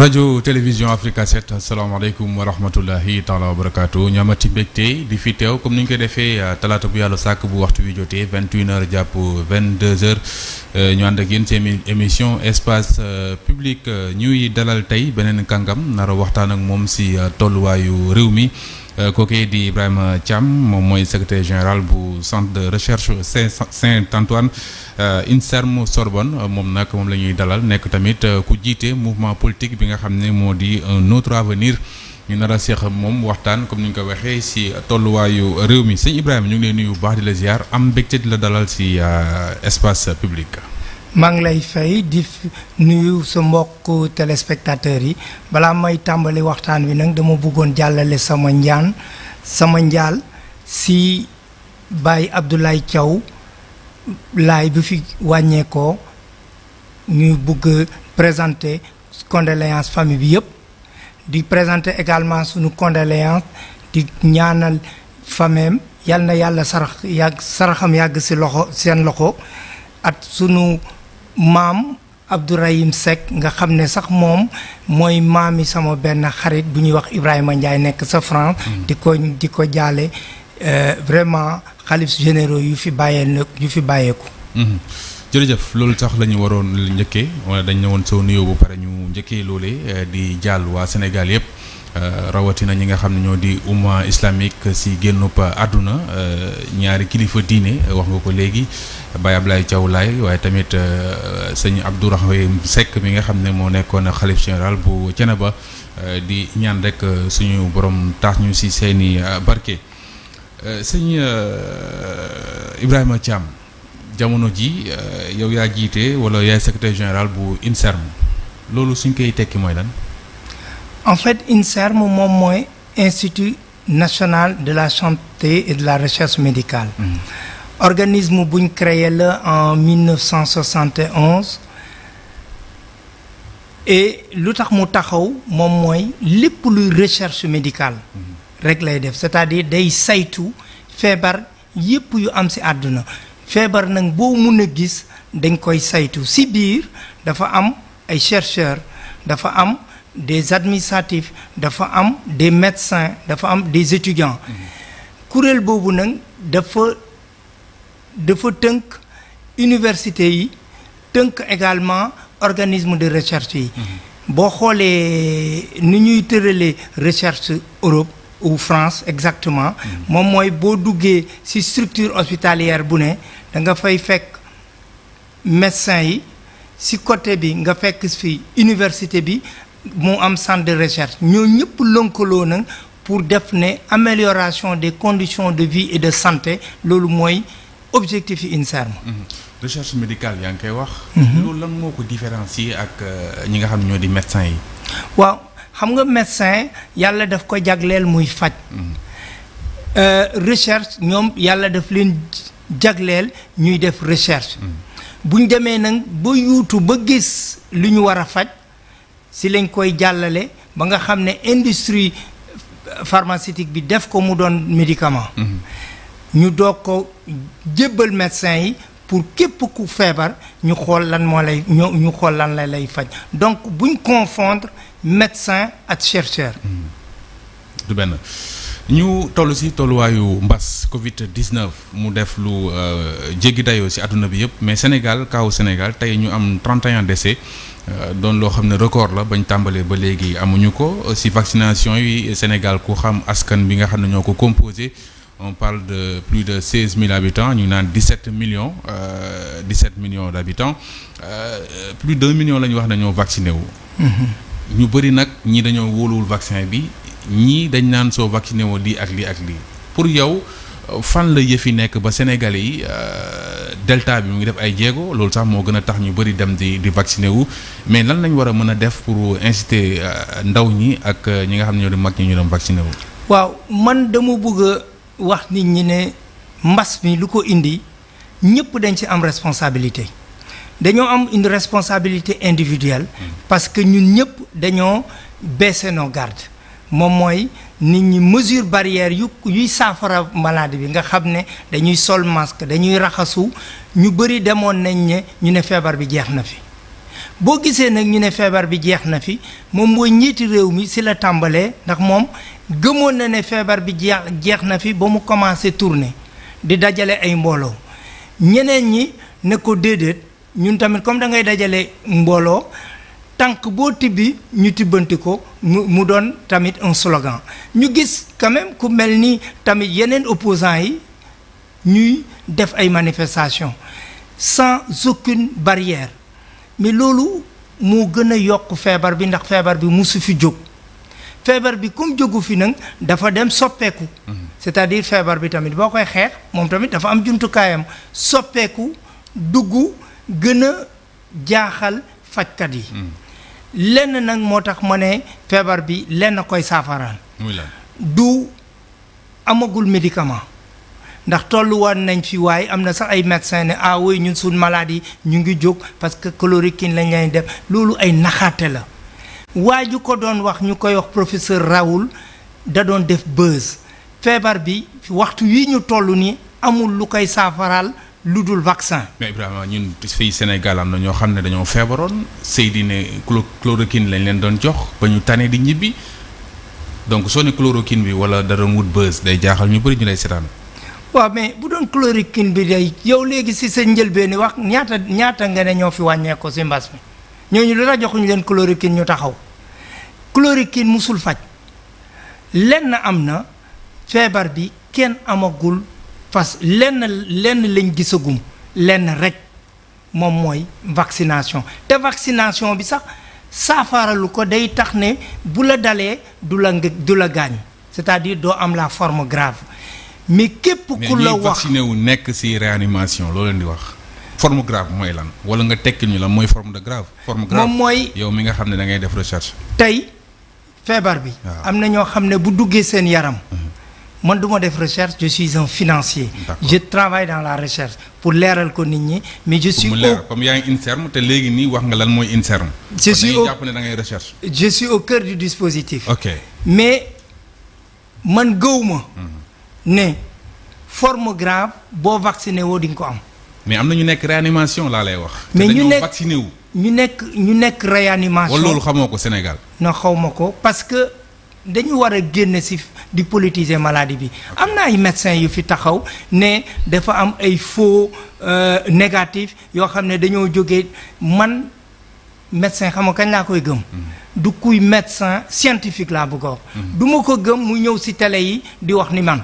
rajo télévision Africa 7 asalaamaaleykum wa rahmatullahi taala wa barakaatu ñu amati mbégte bi fi teew comme ni ñu koy defee euh, talaata bu yàlla sàkk bu waxtu wi jotee vingt une heures jàpp vingt deux heures euh, ñu ànd ak yéen seen émission espace euh, public ñuy dalal tey beneen kàngam nar waxtaan ak moom si tolluwaayu réew mi. kooku di Ibrahima Thiam moom mooy secretaire général bu centre de recherche Saint Saint-Antoine. INSERM euh, Sorbonne euh, moom nag moom la ñuy dalal nekk tamit euh, ku jiite mouvement politique bi nga xam ne moo di un autre avenir ñu nar a seex moom waxtaan comme ni ñu ko waxee si tolluwaayu réew mi sëñ Ibrahima ñu ngi lay nuyu bu baax di la ziar am mbégte la dalal si espace public. maa ngi lay fay di nuyu sa mbokk téléspectateurs yi balaa may tàmbali waxtaan wi nag dama bëggoon jàllale sama njaan sama njaal si Baye Abdoulaye caw laay bi fi wàññeekoo ñu bëgg présenter condoléance famille bi yëpp di présenté également suñu condoléance di ñaanal fameem yal na yàlla sarax saraxam yàgg si loxo seen loxo at sunu maam Abdourahim Seck nga xam ne sax moom mooy maami sama benn xarit bu ñuy wax Ibrahima Ndiaye nekk sa France mm. di ko di ko jaale euh, vraiment xalif généraux yu fi bàyyee yu fi bàyyeeku. Mhm. jërëjëf loolu sax la ñu waroon njëkkee wala dañ ne woon soo nuyoo bu pare ñu njëkkee loolee eh, di jàll waa Sénégal yëpp eh, rawatina ñi nga xam ne ñoo di umma islamique si génnub àdduna eh, ñaari kilifa diine wax nga ko léegi Baye Ablaye Thiaw Laye waaye tamit sëñ Abdourahim sekk mi nga xam ne moo nekkoon xalif général bu Thiénaba di ñaan rekk suñu borom tax ñu si seeni barke. Euh, sëñ euh, Ibrahima Thiam jamono ji euh, yow yaa jiite wala yaay secrétaire général bu INSERM loolu suñ koy tekki mooy lan. en fait INSERM moom mooy institut national de la santé et de la recherche médicale. Mmh. organisme buñ créé la en 1971. et lu tax mu taxaw moom mooy lépp luy recherche médicale. Hmm. rek lay def cest dire day saytu feebar yépp yu am si àdduna feebar nag boo mun a gis dañ koy saytu si biir dafa am ay chercheurs dafa am des administratifs dafa am des médecins dafa am des étudiants kuréel boobu nag dafa dafa tënk université yi tënk également organisme de recherche yi mmh. boo xoolee ni ñuy tëralee recherche Europe ou France exactement moom mooy boo duggee ci structure hospitalière bu ne da nga fay fekk médecin yi ci côté bi nga fekk fi université bi mu am centre recherche ñoo ñëpp lënkaloo nag pour def ne amélioration des conditions de vie et de santé loolu mooy objectif yi INSERM mm-hmm. recherche médicale yaa ngi koy wax mm-hmm. loolu lan moo ko différencier ak euh, ñi nga xam ñoo di médecin yi waaw xam nga médecin yàlla daf ko jagleel muy faj mm. euh, recherche ñoom yàlla daf leen jagleel ñuy def recherche mm. buñ demee nag ba yuutu ba gis lu ñu war a faj si lañ koy jàllale ba nga xam ne industrie pharmaceutique bi def ko mu doon médicament mm. ñu doog ko jébbal médecin yi pour képp ku feebar ñu xool lan moo lay ñu ñu xool lan lay faj donc buñ confondre médecin ak chercheur. Hmm. du benn ñu toll si tolluwaayu mbas Covid 19 mu def lu euh, jéggi dayoo si àdduna bi yëpp mais Sénégal kaawu Sénégal tey ñu am 31 décès euh, doon loo xam ne record la bañ tàmbalee ba léegi amuñu ko si vaccination yi Sénégal ku xam askan bi nga xam ne ñoo ko composé. on parle de plus de seize mille habitants ñu naan dix sept millions euh, dix sept million d' habitants plus deux millions la wax nañoo ñoo vacciné wu. Mm-hmm. ñu bëri nag ñii dañoo wóoluwul vaccin bi ñii dañ naan soo vacciné woo lii ak lii ak lii pour yow euh, fan la yëfi nekk ba Sénégalais yi euh, delta bi mu ngi def ay jéego loolu sax moo gën a tax ñu bëri dem di di vacciné wu mais lan lañ war a mën a def pour inciter euh, ndaw ñi ak ñi nga xam ne ñoo di mag ñi ñu dem vacciné wu. waaw man dama bëgg wax nit ñi ne mbas mi lu ko indi ñëpp dañ ci am responsabilité. dañoo am une responsabilité individuelle parce que ñun ñëpp dañoo baissé no gardes moom mooy nit ñi mesure barrière yu yuy saafara maladie bi nga xam ne dañuy sol masque dañuy raxasu ñu bëri demoon nañ ne ñu ne feebar bi jeex na fi boo gisee nag ñu ne feebar bi jeex na fi moom mooy njiiti réew mi si la tàmbalee ndax moom gëmoon na ne feebar bi jeex na fi ba mu commencé tourner di dajale ay mbooloo ñeneen ñi ne ko déedéet ñun tamit comme da ngay dajale mbooloo tànk boo tibbi ñu tibbanti ko mu doon tamit un slogan ñu gis quand ku mel ni tamit yeneen opposants yi ñuy def ay manifestations sans aucune barrière mais loolu moo gën a yokk feebar bi ndax feebar bi musu fi jóg feebar bi comme jógu fi nag dafa dem soppeeku mhm. c'est-à-dire feebar bi tamit boo koy xeex moom tamit dafa am jumtukaayam soppeeku duggu gën a jaaxal fajkat yi hmm. lenn nag moo tax ma ne feebar bi lenn koy saafaraal du amagul médicament ndax tolluwaan nañ fi waaye am na sax ay médecin ne ah oui ñun suñ maladie ñu ngi jóg parce que chloroquine lañ leen def loolu ay naxaate la waa ju ko doon wax ñu koy wax professeur Raoul da doon def buzz feebar bi waxtu yi ñu toll ni amul lu koy saafaraal lu dul vaccin. mais Ibrahima ñun fii Sénégal am na ñoo xam ne dañoo feebaroon Seydi ne chloroquine lañ leen doon jox ba ñu tane di ñibbi donc soo ne chloroquine bi wala da doon wut bës day jaaxal ñu bëri ñu lay seetaan. waaw mais bu doon chloroquine bi day yow léegi si sa njëlbeen wax ñaata ñaata nga ne ñoo fi wàññeeku si mbas mi ñooñu lu la joxuñu leen chloroquine ñu taxaw chloroquine musul faj lenn am na feebar bi kenn amagul. fas lenn lenn lañ gisagum lenn rek moom mooy vaccination te vaccination bi sax saafaralu ko day tax ne bu la dalee du la nga du la gaañ c'est-à-dire doo am la forme grave mais képp ku la wax vacciné wu nekk ci réanimation loo leen di wax forme grave mooy lan wala nga tekki ñu lan mooy forme de grave forme grave moom mooy yow mi nga xam ne dangay def recherche tey feebar bi am na ñoo xam ne bu duggee seen yaram mhm. man du ma def recherche je suis un financier. je travaille dans la recherche pour leeral ko nit ñi mais je suis. mu leeral comme yaa INSERM te léegi nii wax nga lan mooy INSERM. je suis o jàpp da ngay recherche. je suis au cœur du dispositif. ok mais man gëwuma mhm. ne forme grave boo vacciné woo di nga ko am. mais am na ñu nekk réanimation laa lay wax. mais ñu nekk wu. ñu nekk ñu nekk réanimation. wala loolu xamoo ko Sénégal. non xaw ma ko parce que. dañu war a génne si di politiser maladie bi am na ay médecins yu fi taxaw ne dafa am ay faux euh, négatif yoo xam ne dañoo jógee man médecin xam nga kañ laa koy gëm hmm. du kuy médecin scientifique laa bëgg a wax hmm. du ma ko gëm mu ñëw si tele yi di wax ni man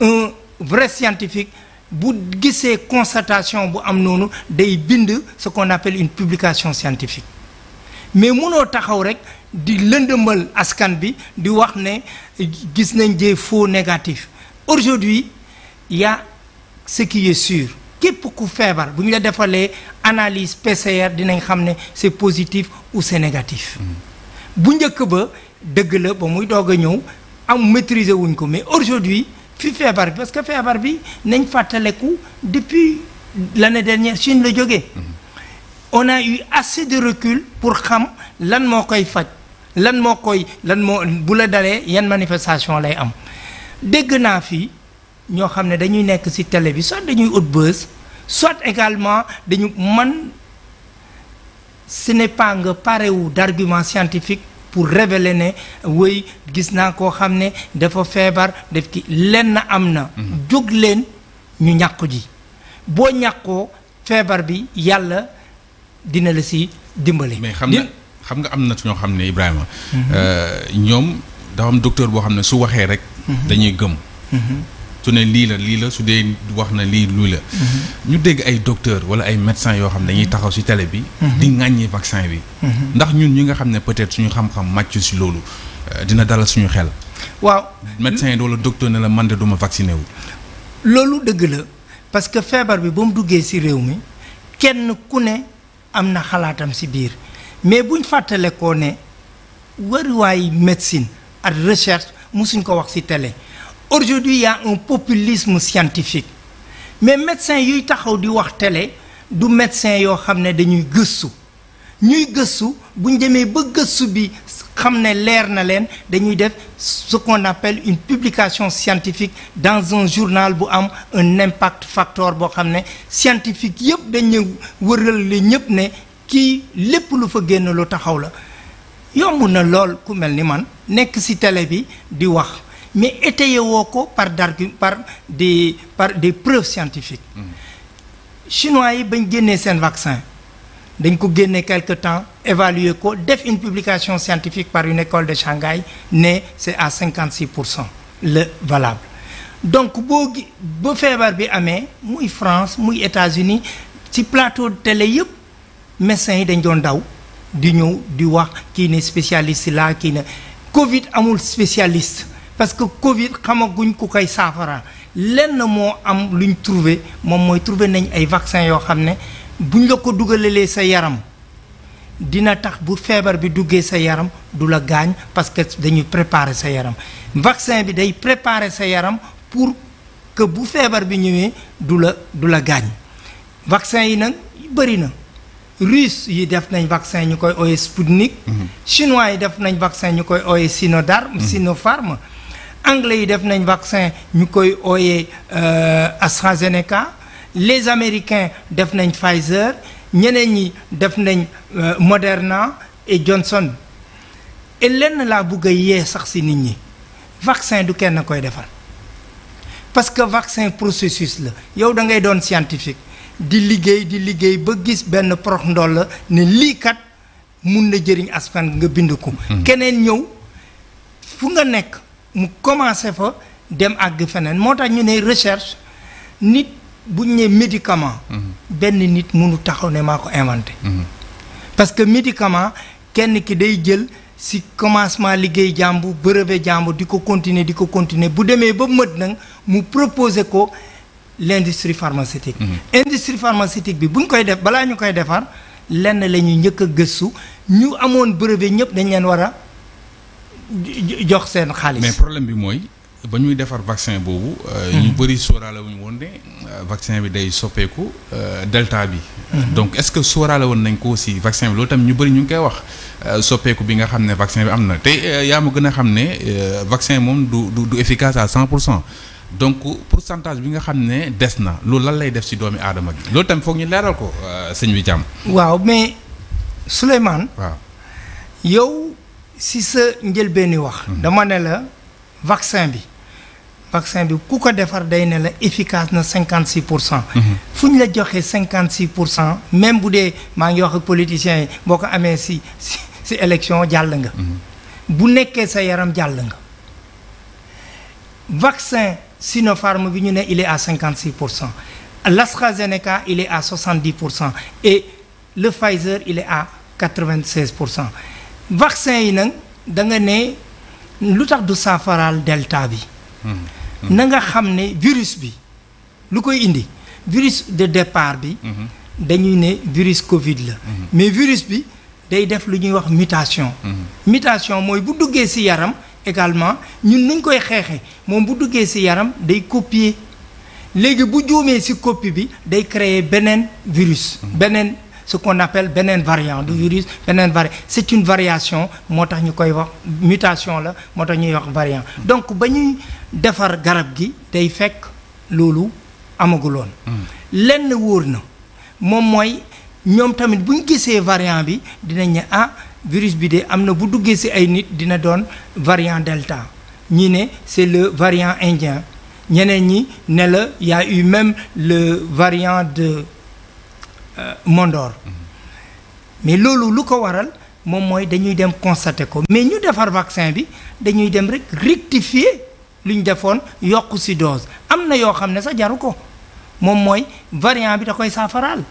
un vrai scientifique bu gisee constatation bu am noonu day bind ce qu'on appelle une publication scientifique mais munoo taxaw rek di lëndëmal askan bi di wax ne gis nañ des faux négatif aujourd'hui ya a ce qui est sûr képp ku feebar bu ñu la defalee analyse PCR dinañ xam ne c'est positif ou c'est négatif mm-hmm. bu njëkk ba dëgg la ba muy doog a ñëw am maîtriser wuñ ko mais aujourd'hui fi feebar bi parce que feebar bi nañ fàttaleku depuis l'année dernière Chine la jógee mm-hmm. on a eu assez de recul pour xam lan moo koy faj lan moo koy lan moo bu la dalee yan manifestation lay am dégg naa fii ñoo xam ne dañuy nekk ci télé bi soit dañuy ut bës soit également dañu man ce n'est pas nga parewu d'argument scientifique pour révéler ne wéy gis naa koo xam ne dafa feebar def ki lenn am na mhm. jóg leen ñu ñàkku ji boo ñàkkoo feebar bi yàlla dina la ci dimbali mais xam na xam nga am na ñoo xam ne Ibrahima. Mhm. Euh, ñoom dafa am docteur boo xam ne su waxee rek. Mhm. dañuy gëm. Mhm. su ne lii la lii la su dee wax na lii luy la. ñu dégg ay docteur wala ay médecins yoo xam ne dañuy taxaw ci télé bi. di ŋàññi vaccin bi. ndax ñun ñi nga xam ne peut-être suñu xam-xam màcc ci loolu euh, dina dalal suñu xel. waaw médecin yi la docteur ne la man de duma vacciné wu. loolu dëgg la parce que feebar bi ba mu duggee ci réew mi kenn ku ne am na xalaatam ci biir. mais buñ fàttale ko ne waruwaay médecine ak recherche musuñ ko wax ci télé aujourd'hui y a un populisme scientifique mais médecin yuy taxaw di wax télé du médecin yoo xam ne dañuy gëstu ñuy gëstu buñ demee ba gëstu bi xam ne leer na leen dañuy def ce qu'on appelle une publication scientifique dans un journal bu am un impact factor boo xam ne scientifique yëpp dañu wëral leen ñëpp ne ci lépp lu fa génn lu taxaw la yomb na lool ku mel ni man nekk si télé bi di wax mais étayé ko par d'argument par des par des preuves scientifiques mm-hmm. chinois yi bañ génnee seen vaccin dañ ko génne quelque temps évaluer ko def une publication scientifique par une école de Shanghai ne c'est à 56 pour cent le valable donc boo ba feebar bi amee muy France muy États-Unis ci plateau télé yëpp médecins yi dañ doon daw di ñëw di wax kii ne spécialiste laa kii ne Covid amul spécialiste parce que Covid xamaguñ ku koy saafara lenn moo am luñ trouver moom mooy trouver nañ ay vaccin yoo xam ne buñ la ko dugalee sa yaram dina tax bu feebar bi duggee sa yaram du la gaañ parce que dañuy préparer sa yaram vaccin bi day préparer sa yaram pour que bu feebar bi ñëwee du la du la gaañ vaccin yi nag bëri na. russe yi def nañ vaccin ñu koy ooyee Sputnik. Mhm. chinois yi def nañ vaccin ñu koy ooyee Sinodarm mhm. Sinopharm anglais yi def nañ vaccin ñu koy ooyee euh, AstraZeneca les américains def nañ Pfizer ñeneen yi def nañ euh, Moderna et Johnson et lenn laa bëgg yee sax ci nit ñi vaccin du kenn koy defar parce que vaccin processus la yow da ngay doon scientifique di liggéey di liggéey ba gis benn prox ndool la ne lii kat mun na jëriñ askan nga bind ko. Hmm. keneen ñëw fu nga nekk mu commencé fa dem àgg feneen moo tax ñu ne recherche nit bu ñu nee médicament. Hmm. benn nit munu taxaw ne maa ko inventé. Hmm. parce que médicament kenn ki day jël si commencement liggéey jàmbu brevet jàmbu di ko continuer di ko continuer bu demee ba mët nag mu proposé ko. l'industrie pharmaceutique. Mhm. industrie pharmaceutique bi bu koy def balaa ñu koy defar lenn la ñuy njëkk a gëstu ñu amoon brevet ñëpp dañ leen war a jox seen xaalis. mais problème bi mooy. ba ñuy defar vaccin boobu. Euh, ñu mhm. bëri sóoraale wu ñu woon ne euh, vaccin bi day soppeeku euh, delta bi. Mhm. donc est-ce que sóoraale woon nañ ko aussi vaccin bi loolu tamit ñu bëri ñu ngi koy wax soppeeku bi nga xam ne vaccin bi am na te yaa ma gën a xam ne vaccin moom du du du efficace à cent pour cent. donc pourcentage bi nga xam ne des na loolu lan lay def ci doomi aadama bi loolu tamit foog ñu leeral ko euh, sëñ bi Thiam. waaw mais Souleymane. waaw yow si sa njëlbeeni wax. Mhm. dama ne la vaccin bi. vaccin bi ku ko defar day ne la efficace na cinquante six pour cent. Mhm. fu ñu la joxee cinquante six pour cent même bu dee maa ngi wax ak politiciens yi boo ko amee si si si élection jàll nga. Mhm. bu nekkee sa yaram jàll nga. Sinopharm bi ñu ne il est à 56 pour cent l'AstraZeneca il est à 70 pour cent et le Pfizer il est à 96 pour cent vaccin yi nag da nga ne lu tax du saafaraal delta bi. Hmm. na nga xam ne virus bi lu koy indi virus de départ bi. Hmm. dañuy ne virus Covid la. Hmm. mais virus bi day def lu ñuy wax mutation. mutation mooy bu duggee ci yaram. également ñun nañ koy xeexee moom bu duggee si yaram day copier léegi bu juumee si copie bi day créer beneen virus mhm. beneen ce qu'on appelle beneen variant du mhm. virus beneen variant c'est une variation moo tax ñu koy wax mutation la moo tax ñuy wax variant mhm. donc ba ñuy defar garab gi day fekk loolu amaguloon lenn wóor na moom mooy ñoom tamit buñ gisee variant bi dinañ ne ah virus bi de am na bu duggee si ay nit dina doon variant delta ñi ne c'est le variant indien ñeneen ñi ne la y a eu même le variant de euh, Mondor mm-hmm. mais loolu lu ko waral moom mooy dañuy dem constater ko mais ñu defar vaccin bi dañuy dem rek rectifier lu ñu defoon yokk si dose am na yoo xam ne sax jaru ko moom mooy variant bi da koy saafaraal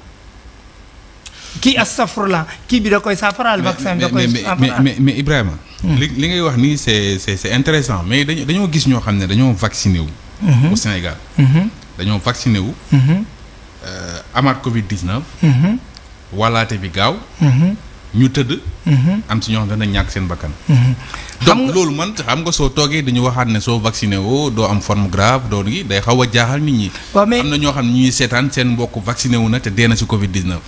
kii astafurla kii bi da koy saafaraal vaccin da koy saafaraal mais mais Ibrahima. Hmm. li li ngay wax nii c'est c'est c'est intéressant mais dañoo dañoo gis ñoo xam ne dañoo vacciné wu. Hmm. au Sénégal. Hmm. dañoo vacciné wu. Euh, amaat Covid 19. walaate bi gaaw. ñu tëdd. am si ñoo xam ne dañ ñàkk seen bakkan. donc loolu man xam nga soo toogee dañu waxaat ne soo vacciné woo doo am forme grave doo ngi day xaw a jaaxal nit ñi. am na ñoo xam ne ñuy seetaan seen mbokk vacciné wu na te dee na si Covid 19.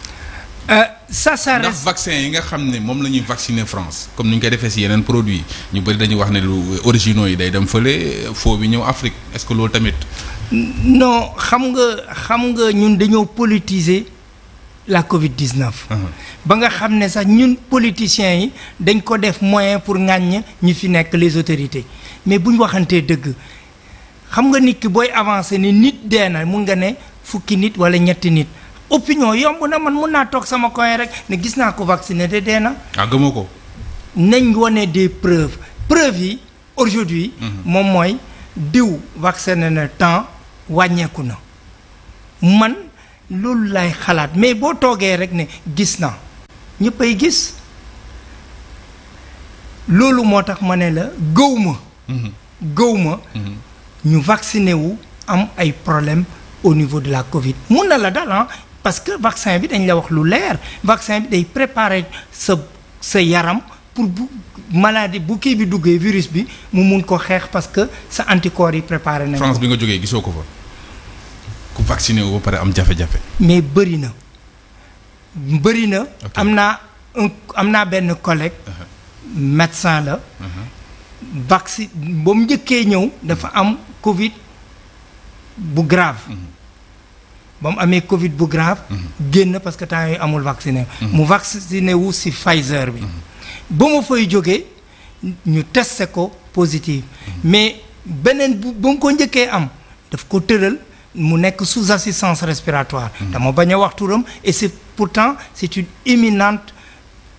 Euh, ça ça reste ndax vaccin yi nga xam ne moom la ñuy vacciner France comme ni ñu koy defee si yeneen produit ñu bëri dañuy wax ne lu originaux yi day dem fële foo bi ñëw Afrique est-ce que loolu tamit. non xam nga xam nga ñun dañoo politiser la Covid 19. Uh-huh. ba nga xam ne sax ñun politiciens yi dañ ko def moyen pour ŋàññ ñi fi nekk les autorités mais bu ñu waxantee dëgg xam nga nit ki booy avancer ni nit dee na mun nga ne fukki nit wala ñetti nit. opinion yomb na man mun naa toog sama koy rek ne gis naa ko vacciné de dee na. ah ma ko. nañ wane des preuves preuves yi aujourd'hui mhm. moom mooy diw vacciné na temps wàññeeku na man loolu lay xalaat mais boo toogee rek ne gis naa ñëpp ay gis loolu moo tax ma ne la gëw ma. Mhm. gëw ma. Mhm. ñu vacciné wu am ay problème au niveau de la Covid mun na la dal parce que vaccin bi dañ la wax lu leer vaccin bi day préparer sa sa yaram pour bu maladie bu kii bi duggee virus bi mu mun ko xeex parce que sa anticorps yi préparer nañ France bi nga jógee gisoo ko fa ku vacciné wu ba pare am jafe-jafe. mais bëri na bëri na. am naa am naa benn collègue. Uh-huh. médecin la. Uh-huh. vaccin ba mu njëkkee ñëw dafa am Covid bu grave. Uh-huh. ba mu amee Covid bu grave. Mhm. génn parce que temps yi amul vacciné. Mhm. mu vacciné wu si Pfizer bi. Mhm. ba mu fay jógee ñu testé ko positif. mais beneen bu ba mu ko njëkkee am daf ko tëral mu nekk sous assistance respiratoire. dama bañ a wax turam et c'est pourtant c'est une éminente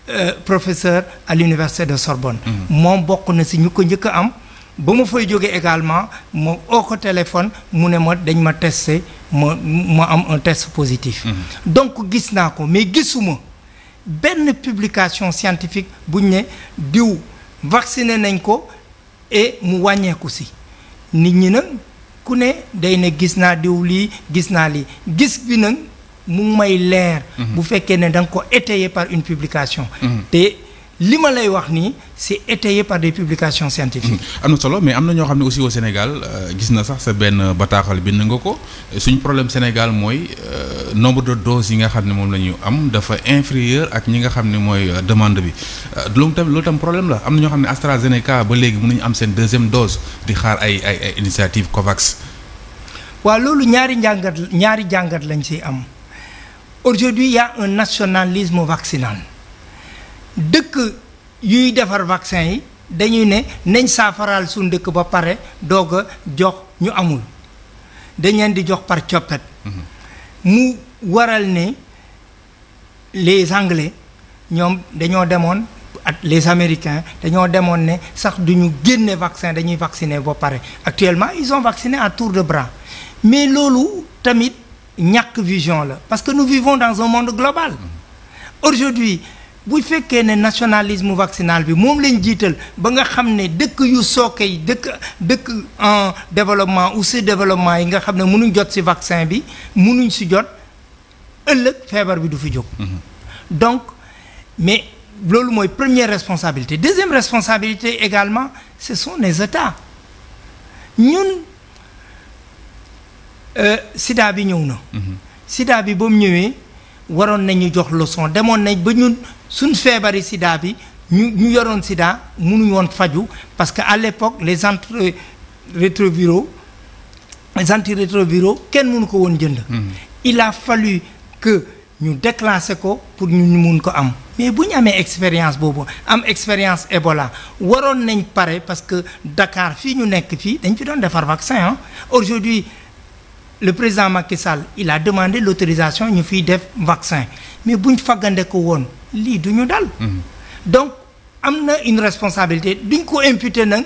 euh, professeure à l'université de Sorbonne. moom bokk na si ñu ko njëkk a am. ba ma fay jógee également ma oo ko téléphone mu ne ma dañ ma testé ma ma am un test positif. Mhm. donc gis naa ko mais gisuma benn publication scientifique buñ ne diw vacciné nañ ko et mu wàññeeku si nit ñi nag ku ne day ne gis naa diw lii gis naa lii gis bi nag mu may leer. Mhm. bu fekkee ne danga ko étayer par une publication. Mhm. te li ma lay wax nii c'est étayé par des publications scientifiques. Hmm. am na solo mais am na ñoo xam ne aussi au Sénégal euh, gis na sax sa benn bataaxal bind nga ko suñu problème Sénégal mooy euh, nombre de doses yi nga xam ne moom la ñu am dafa infrieur ak ñi nga xam ne mooy euh, demande bi loolu tam loolu problème la am na ñoo xam ne AstraZeneca ba léegi mënuñu am seen deuxième dose di xaar ay ay initiative COVAX. waaw loolu ñaari njàngat ñaari jàngat lañ si am aujourd'hui il y a un nationalisme vaccinal. dëkk yuy defar vaccin yi dañuy ne nañ saafaraal suñ dëkk ba pare doog a jox ñu amul dañ leen di jox par coppet mu waral ne les anglais ñoom dañoo demoon ak les américains dañoo demoon ne sax duñu génne vaccin dañuy vacciner ba pare actuellement ils ont vacciné à tour de bras mais loolu tamit ñàkk vision la parce que nous vivons dans un monde global aujourd'hui bu fekkee ne nationalisme vaccinal bi moom lañ jiital ba nga xam ne dëkk yu sooke yi dëkk dëkk en développement ou sous développement yi nga xam ne mënuñ jot si vaccin bi mënuñ si jot ëllëg feebar bi du fi jóg. Mhm. donc mais loolu mooy première responsabilité deuxième responsabilité également ce sont les États ñun euh, sida bi ñëw na. Mhm. sida bi ba ñëwee waroon nañu jox leçon demoon nañ ba ñun. suñ feebari sida bi ñu ñu yoroon sida mënuñu woon faju parce que à l'époque les antirétroviraux euh, les antirétroviraux kenn munu ko woon jënd mm-hmm. il a fallu que ñu déclassé ko pour ñu mun ko am mais bu ñu amee expérience boobu am expérience Ebola waroon nañ pare parce que dakaar fii ñu nekk fii dañ fi doon defar vaccin ah aujourd'hui le président Macky Sall il a demandé l'autorisation ñu fiy def vaccin mais buñ faggande ko woon lii duñu ñu dal. Mhm. donc am na une responsabilité duñ ko imputer nag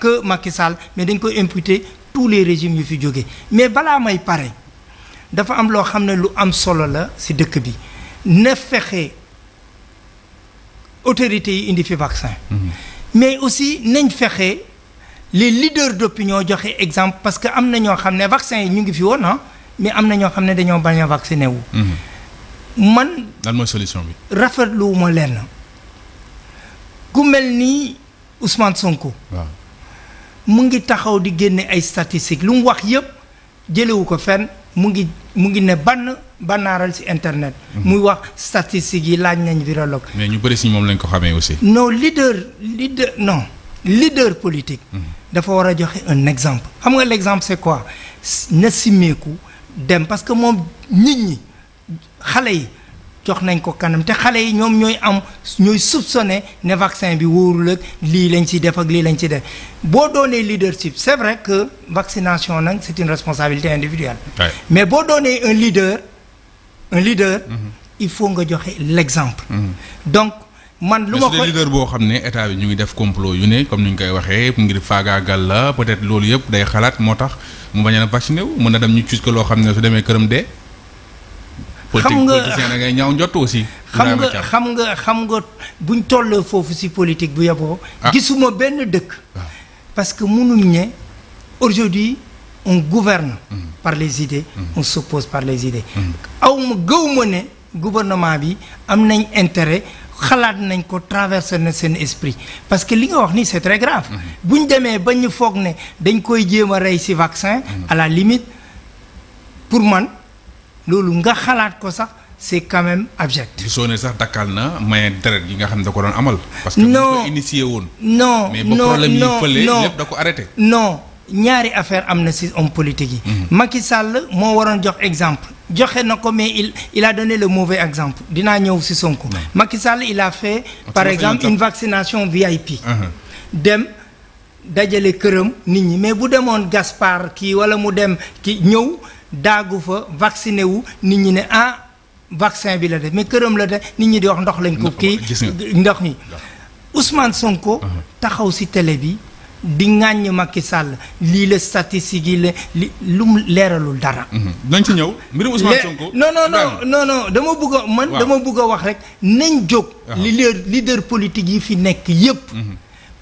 que Macky mais dañ ko imputer tous les régimes yu fi jógee mais balaa may pare dafa am loo xam ne lu am solo la si dëkk bi na fexe autorités yi indi fi vaccin. Mhm. mais aussi nañ fexe. les leaders d'opinion joxe exemple parce que am na ñoo xam ne vaccin yi ñu ngi fi woon ah mais am na ñoo xam ne dañoo bañ a vacciné wu. Mm-hmm. man. lan mooy solution bi. rafetluwuma lenn ku mel ni Ousmane Sonko. mu ngi taxaw di génne ay statistiques lu mu wax yëpp jëlewu ko fen mu ngi mu ngi ne bann bannaaral ci internet. Mm-hmm. muy wax statistiques yi laaj nañ virologue. mais ñu bëri ci moom lañ ko xamee aussi. non leader leader no leader politique. Mm-hmm. dafa war a joxe un exemple xam nga l' exemple est quoi na simmeeku dem parce que moom nit ñi xale yi jox nañ ko kanam te xale yi ñoom ñooy am ñooy soupçonné ne vaccin bi wóorul ak lii lañ ci def ak lii lañ ci def boo doonee leadership c' est vrai que vaccination nag c' est une responsabilité individuelle. mais boo doonee un leader un leader. Mm-hmm. il faut nga joxe l' exemple. Mm-hmm. man lu ma ko boo xam ne état bi ñu ngi def complot yu ne comme ni ñu koy waxee ngir faagaagal la peut-être loolu yëpp day xalaat moo tax mu bañ a vacciné wu mën na dem ñu cuus ko loo xam ne su demee këram dee. xam nga ngay ñaaw njott aussi. xam nga xam nga xam nga buñ tollee foofu si politique bu yaboo. Ah. gisuma benn dëkk. Ah. parce que mënuñ ne aujourd'hui on gouverne. Mm. par les idées. Mm. on s'oppose par les idées. Mm. aw ma gëw ma ne gouvernement bi am nañ intérêt. xalaat nañ ko traversé na seen esprit parce que li nga wax nii c'est très grave mhm. bu ñu demee ba ñu foog ne dañ koy jéem a rey ci vaccin mhm. à la limite pour man loolu nga xalaat ko sax c'est quand même abject. gisoo ne sax dakkal na maye deret yi nga xam ne da ko doon amal. parce que bu ko initié woon. non non non mais ba ko arrêté. non ñaari affaire am na si homme politique yi. Mhm. Macky Sall moo waroon jox exemple joxe na ko mais il il a donné le mauvais exemple dinaa ñëw si Sonko. Macky sàll il a fait par exemple une vaccination VIP. Uh-huh. dem dajale këram nit ñi mais bu demoon Gaspard kii walla mu dem ki ñëw daagu fa vacciné wu nit ñi ne ah vaccin bi la def mais këram la de nit ñi di wax ndox lañ ko. kii ndox mi Ousmane Sonko. Uh-huh. taxaw si télé bi. di ŋàññ Macky Sall lii la statistique yi la li lu mu leeralul dara. Mhm. nañ ci ñëw mbirum Ousmane Sonko. non non non dama bëgg a man dama bëgg a wax rek nañ jóg. li leer leader politique yi fi nekk yépp mhm.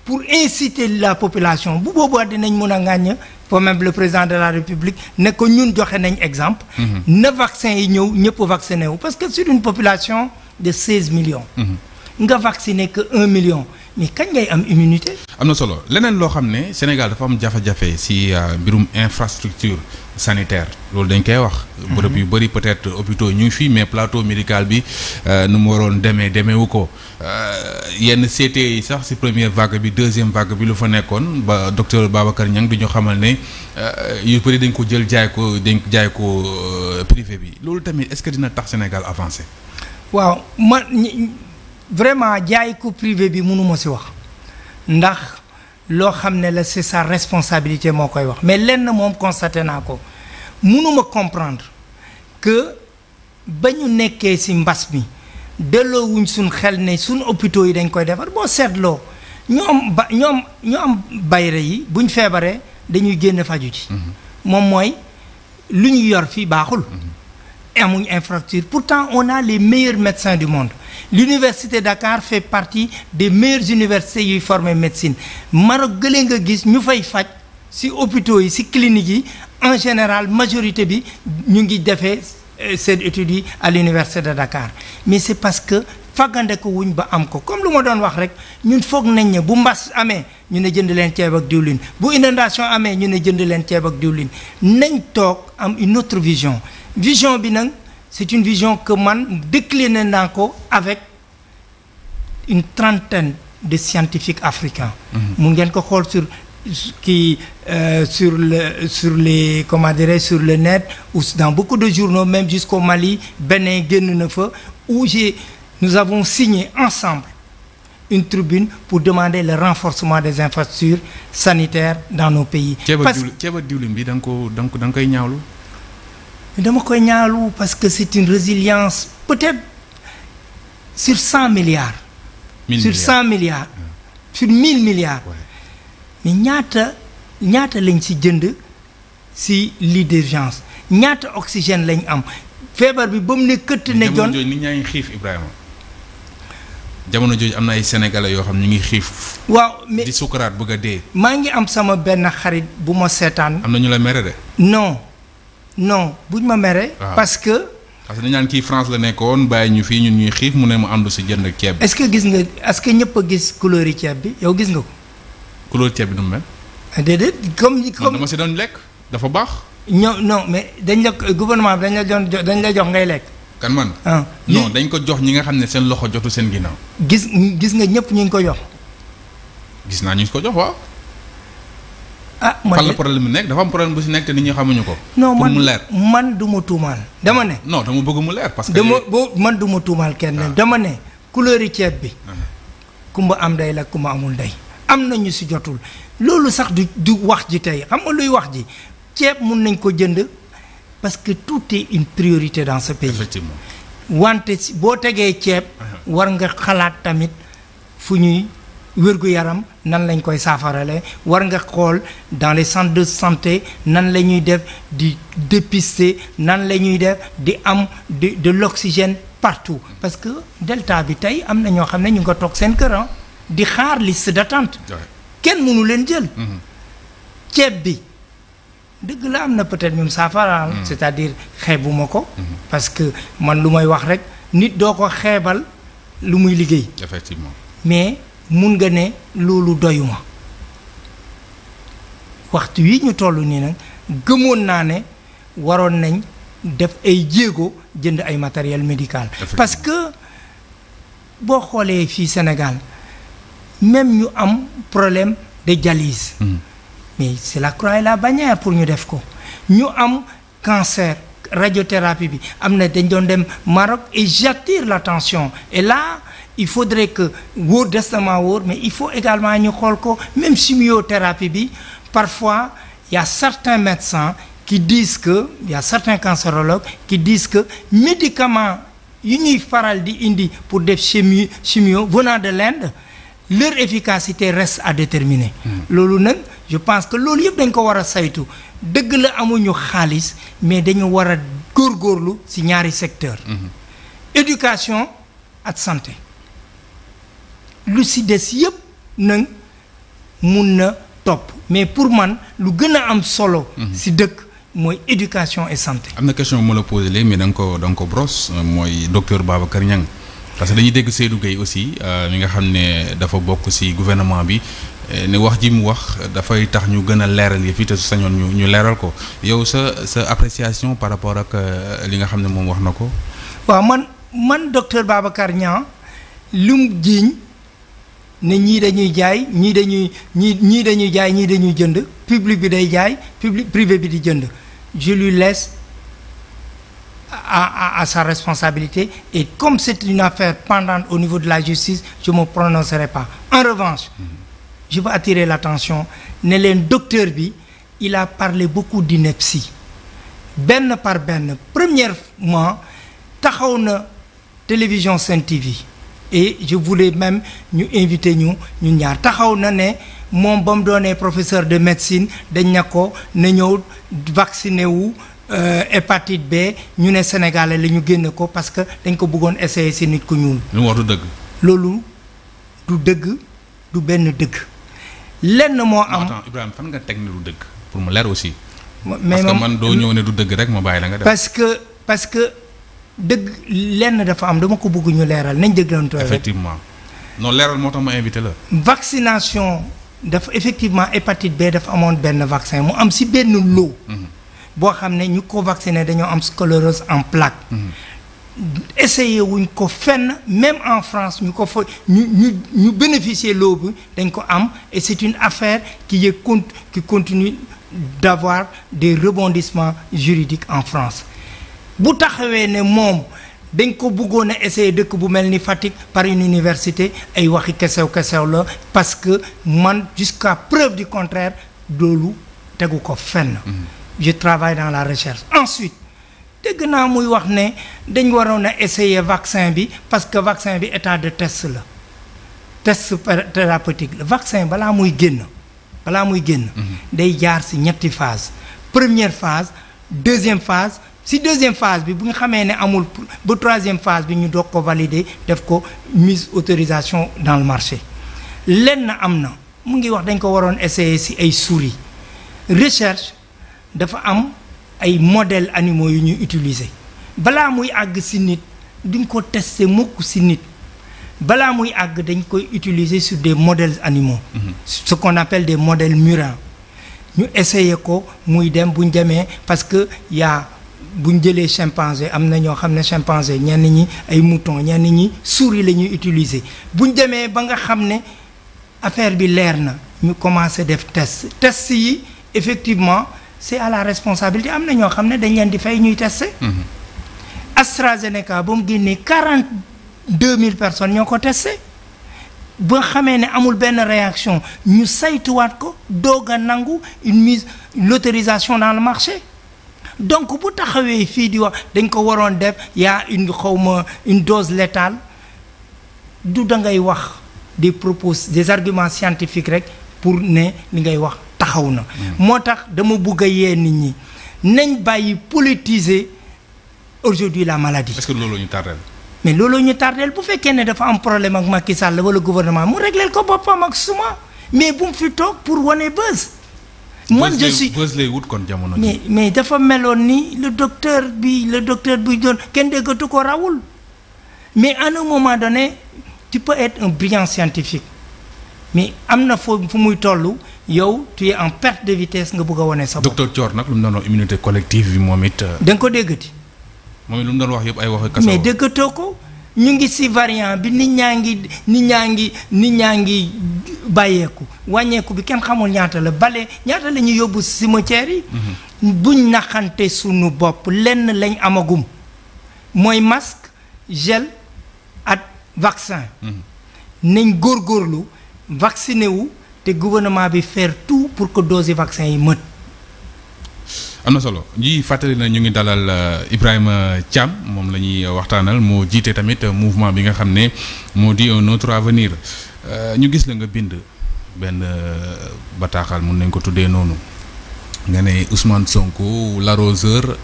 pour inciter la population bu boobaa dinañ mën a ŋàññ pour même le président de la république ne ko ñun joxe nañ exemple. Mhm. na vaccin yi ñëw ñëpp vacciné wu parce que sur une population de seize millions. nga vacciné que un million. mais kañ ngay am immunité. am na solo leneen loo xam ne Sénégal dafa am jafe-jafe si euh, mbirum infrastructure sanitaire loolu dañ koy wax. Mhm. bërëb yu bëri peut-être hôpitaux ñu ngi fii mais plateau médical bi euh, nu mu waroon demee demeewu ko euh, yenn CT yi sax si première vague bi deuxième vague bi lu fa nekkoon ba docteur Babacar Niang du ñu xamal ne yu bëri dañ ko jël jaay ko dañ jaay ko privé bi loolu tamit est-ce que dina tax Sénégal avancé. waaw vraiment jaay ko privé bi mënuma si wax ndax loo xam ne la c'est sa responsabilité moo koy wax mais lenn moom constaté naa ko mënuma comprendre que ba ñu nekkee si mbas mi delloowuñ suñ xel ne suñ hôpitaux yi dañ koy defar boo seetloo ñoom ba ñoom ñoom bayre yi buñ feebaree dañuy génn faju ci mm-hmm. moom mooy lu ñu yor fii baaxul mm-hmm. amuñ infrastructure pourtant on a les meilleurs médecins du monde l'université Dakar fait partie des meilleures universités yuy former médecine Maroc gëlee nga gis ñu fay faj si hôpitaux yi si cliniques yi en général majorité bi ñu ngi defee euh, seen études à l'université de Dakar mais c'est parce que faggandeku wuñ ba am ko comme lu ma doon wax rek ñun foog nañ ne bu mbas amee ñu ne jënd leen ceeb ak diwlin bu inondation amee ñu ne jënd leen ceeb ak diwlin nañ toog am une autre vision vision bi nag c'est une vision que man décliné naa ko avec une trentaine de scientifiques africains mhm. mu ngeen ko xool sur qui euh, sur le sur les comment dirais sur le net ou dans beaucoup de journaux même jusqu'au Mali Bénin génn na fa où j'ai nous avons signé ensemble une tribune pour demande le renforcement des infrastructures sanitaires dans nos pays. parce que ceeba diwlin bi da nga ko da nga koy ñaawlu. dama koy ñaawlu parce que c'est une résilience peut-être sur cent milliards. sur cent milliards. Ah. sur mille milliards. mais ñaata ñaata lañ ci jënd ci lits d'urgence ñaata oxygène lañ am feebar bi ba mu ne këtt ne. jon jamono jooju am na ay sénégalais yoo xam ñu ngi xiif. waaw mais di sukaraat bëgg a dee. maa ngi am sama benn xarit bu ma seetaan. am na ñu la mere de. non non buñ ma mere. Ah. parce que. parce que dañu naan kii France la nekkoon bàyyi ñu fii ñun ñuy xiif mu ne mu àndu si jënd ceeb bi. est-ce que gis nga est-ce que ñëpp a gis couleur yi ceeb bi yow gis nga ko. couleur ceeb bi nu mu mel. Ah, déedéet comme comme dama si doon lekk dafa baax. ñoo non mais dañ la gouvernement bi dañ la doon dañ la jox ngay lekk. kan man. ah non dañ ko jox ñi nga xam ne seen loxo jotu seen ginnaaw. gis gis nga ñëpp ñu ngi ko jox. gis naa ñu ngi ko jox waaw. ah man fan la problème bi nekk dafa am problème bu si nekk te nit ñi xamuñu ko. non man mu leer man du ma tuumaal. dama ne. non dama bëgg mu leer parce que. dama boo man du ma tuumaal kenn ah. dama ne. couleur ceeb bi. Ah. kumba am ndey la kumba amul ndey. am na ñu si jotul loolu sax du du wax ji tey xam nga luy wax ji ceeb mun nañ ko jënd. parce que tout est une priorité dans ce pays. wante si boo tegee ceeb. Uh-huh. war nga xalaat tamit fu ñuy wérgu yaram nan lañ koy saafarale war nga xool dans les centres de santé nan la ñuy def di dépister nan la ñuy def di am de de l'oxygène partout parce que delta bi tey am na ñoo xam ne ñu nga toog seen kër ah, di xaar li liste d'attente kenn mënu leen jël. Mm-hmm. ceeb bi. dëgg la am na peut-être même saafara mm. cest a dire xeebuma ko mm-hmm. parce que man lu may wax rek nit doo ko xeebal lu muy liggéey effectivement mais mun nga ne loolu doyuma waxtu wi ñu toll nii nag gëmoon naa ne waroon nañ def ay jéego jënd ay matériel médical parce que boo xoolee fii Sénégal même ñu am problème de dialyse mm. mais c'est la croix et la bannière pour ñu def ko ñu am cancer radiothérapie bi am na dañ doon dem Maroc et j'attire l'attention et là il faudrait que wóor destement woor mais il faut également ñu xool ko même chimiothérapie bi parfois il y a certains médecins qui disent que il y a certains cancérologues qui disent que médicaments yi ñuy faral di indi pour def chimio chimio venant de l'Inde leur efficacité reste à déterminer hmm. loolu nag je pense que loolu yëpp dañ ko war a saytu dëgg la amuñu xaalis mais dañu war a góor góorlu ci ñaari secteur mhm. éducation ak santé lu si des yëpp nag mun na topp mais pour man lu gën a am solo si mhm. dëkk mooy éducation et santé am na question bu ma la posé léegi mais da nga ko da nga ko brosse mooy docteur Babacar Niang parce que dañuy dégg Seydou Gueye aussi euh, mi nga xam ne dafa bokk ci gouvernement bi Eh, ne wax ji mu wax dafay tax ñu gën a leeral yi fii te su sañoon ñu ñu leeral ko yow sa sa appréciation par rapport ak euh, li nga xam ne moom wax na ko. waaw man man docteur Babacar Niang lu mu jiiñ ne ñii dañuy jaay ñii dañuy ñii ñii dañuy jaay ñii dañuy jënd public bi day jaay public privé bi di jënd je lui laisse à, à, à sa responsabilité et comme c'est une affaire pendante au niveau de la justice je me prononcerai pas en revanche. Mm-hmm. je veux attirer l'attention ne leen docteur bi il a parlé beaucoup d'ineptie benn par benn première premièrement taxaw na télévision Sen TV et je voulais même ñu invité ñu ñu ñaar taxaw na ne moom ba mu doonee professeur de médecine dañ na ko ne ñëw vacciné wu Euh, hépatite B ñu ne Sénégalais la ñu génne ko parce que dañ ko bëggoon essayer ci nit ku ñuul. lu wax du dëgg. loolu du dëgg du benn dëgg. lenn moo am attends Ibrahima fan nga teg ne du dëgg pour mu leer aussi. mais parce que man doo ñëw ne du dëgg rek ma bàyyi la nga def. parce que parce que dëgg lenn dafa am dama ko bugg ñu leeral nañ dëggantoo rek. effectivement non leeral moo tax ma invité la. vaccination dafa effectivement hépatite B dafa amoon benn vaccin mu am si benn lot. Mhm. boo xam ne ñu ko vacciné dañoo am sclérose en plaque. Mhm. essayé wuñ ko fenn même en France ñu ko fa ñu ñu ñu bénéficier loobu dañ ko am et c'est une affaire qui est con qui continue d'avoir des rebondissements juridiques en France bu taxawee ne moom dañ ko bëggoon a essayer dëkk bu mel ni Fatick par une université ay waxi kesew kesew la parce que man jusqu'à preuve du contraire loolu tegu ko fenn mm-hmm. je travaille dans la recherche ensuite dégg naa muy wax ne dañ waroon a essayer vaccin bi parce que vaccin bi état de test la test thérapeutique la vaccin balaa muy génn balaa muy génn mhm. day jaar si ñetti phase première phase deuxième phase si deuxième phase bi bu nga xamee ne amul ba troisième phase bi ñu doog ko valider def ko mise autorisation dans le marché lenn am na mu ngi wax dañ ko waroon essayer si ay souris recherche dafa am ay modèles animaux yu ñuy utiliser balaa muy àgg si nit duñ ko tester mukk si nit balaa muy àgg dañ koy utiliser sur des modèles animaux mm -hmm. ce qu'on appelle des modèles murins ñu essayer ko muy dem buñ demee parce que yaa buñ jëlee chimpanzé am na ñoo xam ne chimpanzé ñenn ñi ay mouton ñenn ñi souris la ñuy utiliser buñ demee ba nga xam ne affaire bi leer na ñu commencé def test test yi effectivement c'est à la responsabilité am na ñoo xam ne dañ leen di fay ñuy testé. Mhm. AstraZeneca ba mu génnee quarante deux mille personnes ñoo ko testé ba xamee ne amul benn réaction ñu saytuwaat ko doog a nangu une mise l'autorisation dans le marché donc bu taxawee fii di wax dañ ko waroon def yaa une xawma une dose létale du da ngay wax de propose des arguments scientifiques rek pour ne li ngay wax. taxaw na moo tax dama bugg a yee nit ñi nañ bàyyi politiser aujourd'hui la maladie est-ce loolu ñu tardeel mais looloo ñu tardeel bu fekkee ne dafa am problème ak Macky Sall wala gouvernement mu régleel ko boppam ak suma mais bu mu fi toog pour wane bës man je suis wut kon jamono mais mais dafa meloon ni le docteur bi le docteur bu doon kenn déggatu ko rawul mais à un moment donné tu peux être un brillant scientifique mais am na foo fu muy toll yow tu en perte de vitesse nga bëgg a wane sa bopp. docteur Thior nag lu mu doon wax immunité collective bi moom it. Euh, da nga ko déggati. moom it lu mu doon wax yëpp ay waxi kaso mais déggatoo ko ñu ngi si variant bi nit ñaa ngi nit ñaa ngi nit ñaa ngi bàyyeeku wàññeeku bi kenn xamul ñaata la bale ñaata la ñu yóbbu cimetière yi. Mhm. buñ naxante sunu bopp lenn lañ amagum mooy masque gel ak vaccin. Mhm. nañ góorgóorlu vacciné wu. te gouvernement bi faire tout pour que dose vaccin yi mën. am na solo ji fàttali na ñu ngi dalal euh, Ibrahima Thiam moom la ñuy waxtaanal moo jiite tamit euh, mouvement bi nga xam ne moo di un autre avenir euh, ñu gis la nga bind benn bataaxal mun nañ ko tuddee noonu nga ne Ousmane Sonko laroseur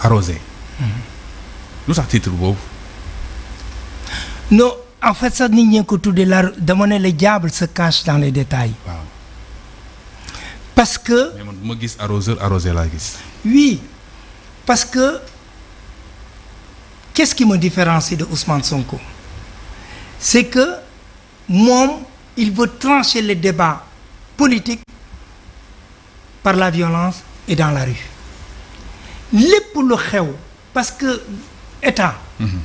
arrosé. Mm-hmm. lu tax titre boobu. en fait sax nit ñi ko tuddee la dama ne le diable se cache dans les détails. parce que. ma gis arroseur arrosé laa gis. oui parce que qu'est-ce qui me différencie de Ousmane Sonko c'est que moom il veut trancher le débat politique par la violence et dans la rue lépp lu xew parce que état. Mm-hmm.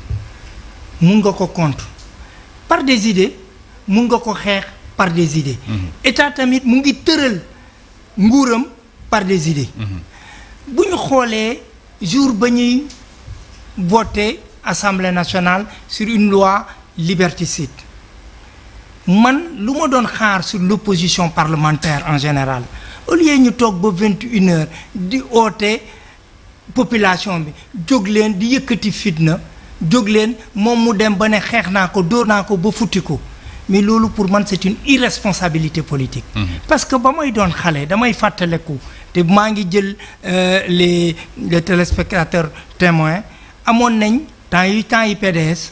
mun nga ko contre. par des idées mu nga ko xeex par des idées. Mhm. état tamit mu ngi tëral nguuram par des idées. Mhm. bu ñu xoolee jour ba ñuy voté assemblée nationale sur une loi liberticide man lu ma doon xaar sur l'opposition parlementaire en général au lieu ñu toog ba vingt une di oote population bi jóg leen di yëkkati fitna. jóg leen moom mu dem ba ne xeex naa ko dóor naa ko ba futti ko mais loolu pour man c'est une irresponsabilité politique mmh. parce que ba may doon xale damay fàttaleku te maa ngi jël euh, les les téléspectateurs témoins amoon nañ temps yi temps yi PDS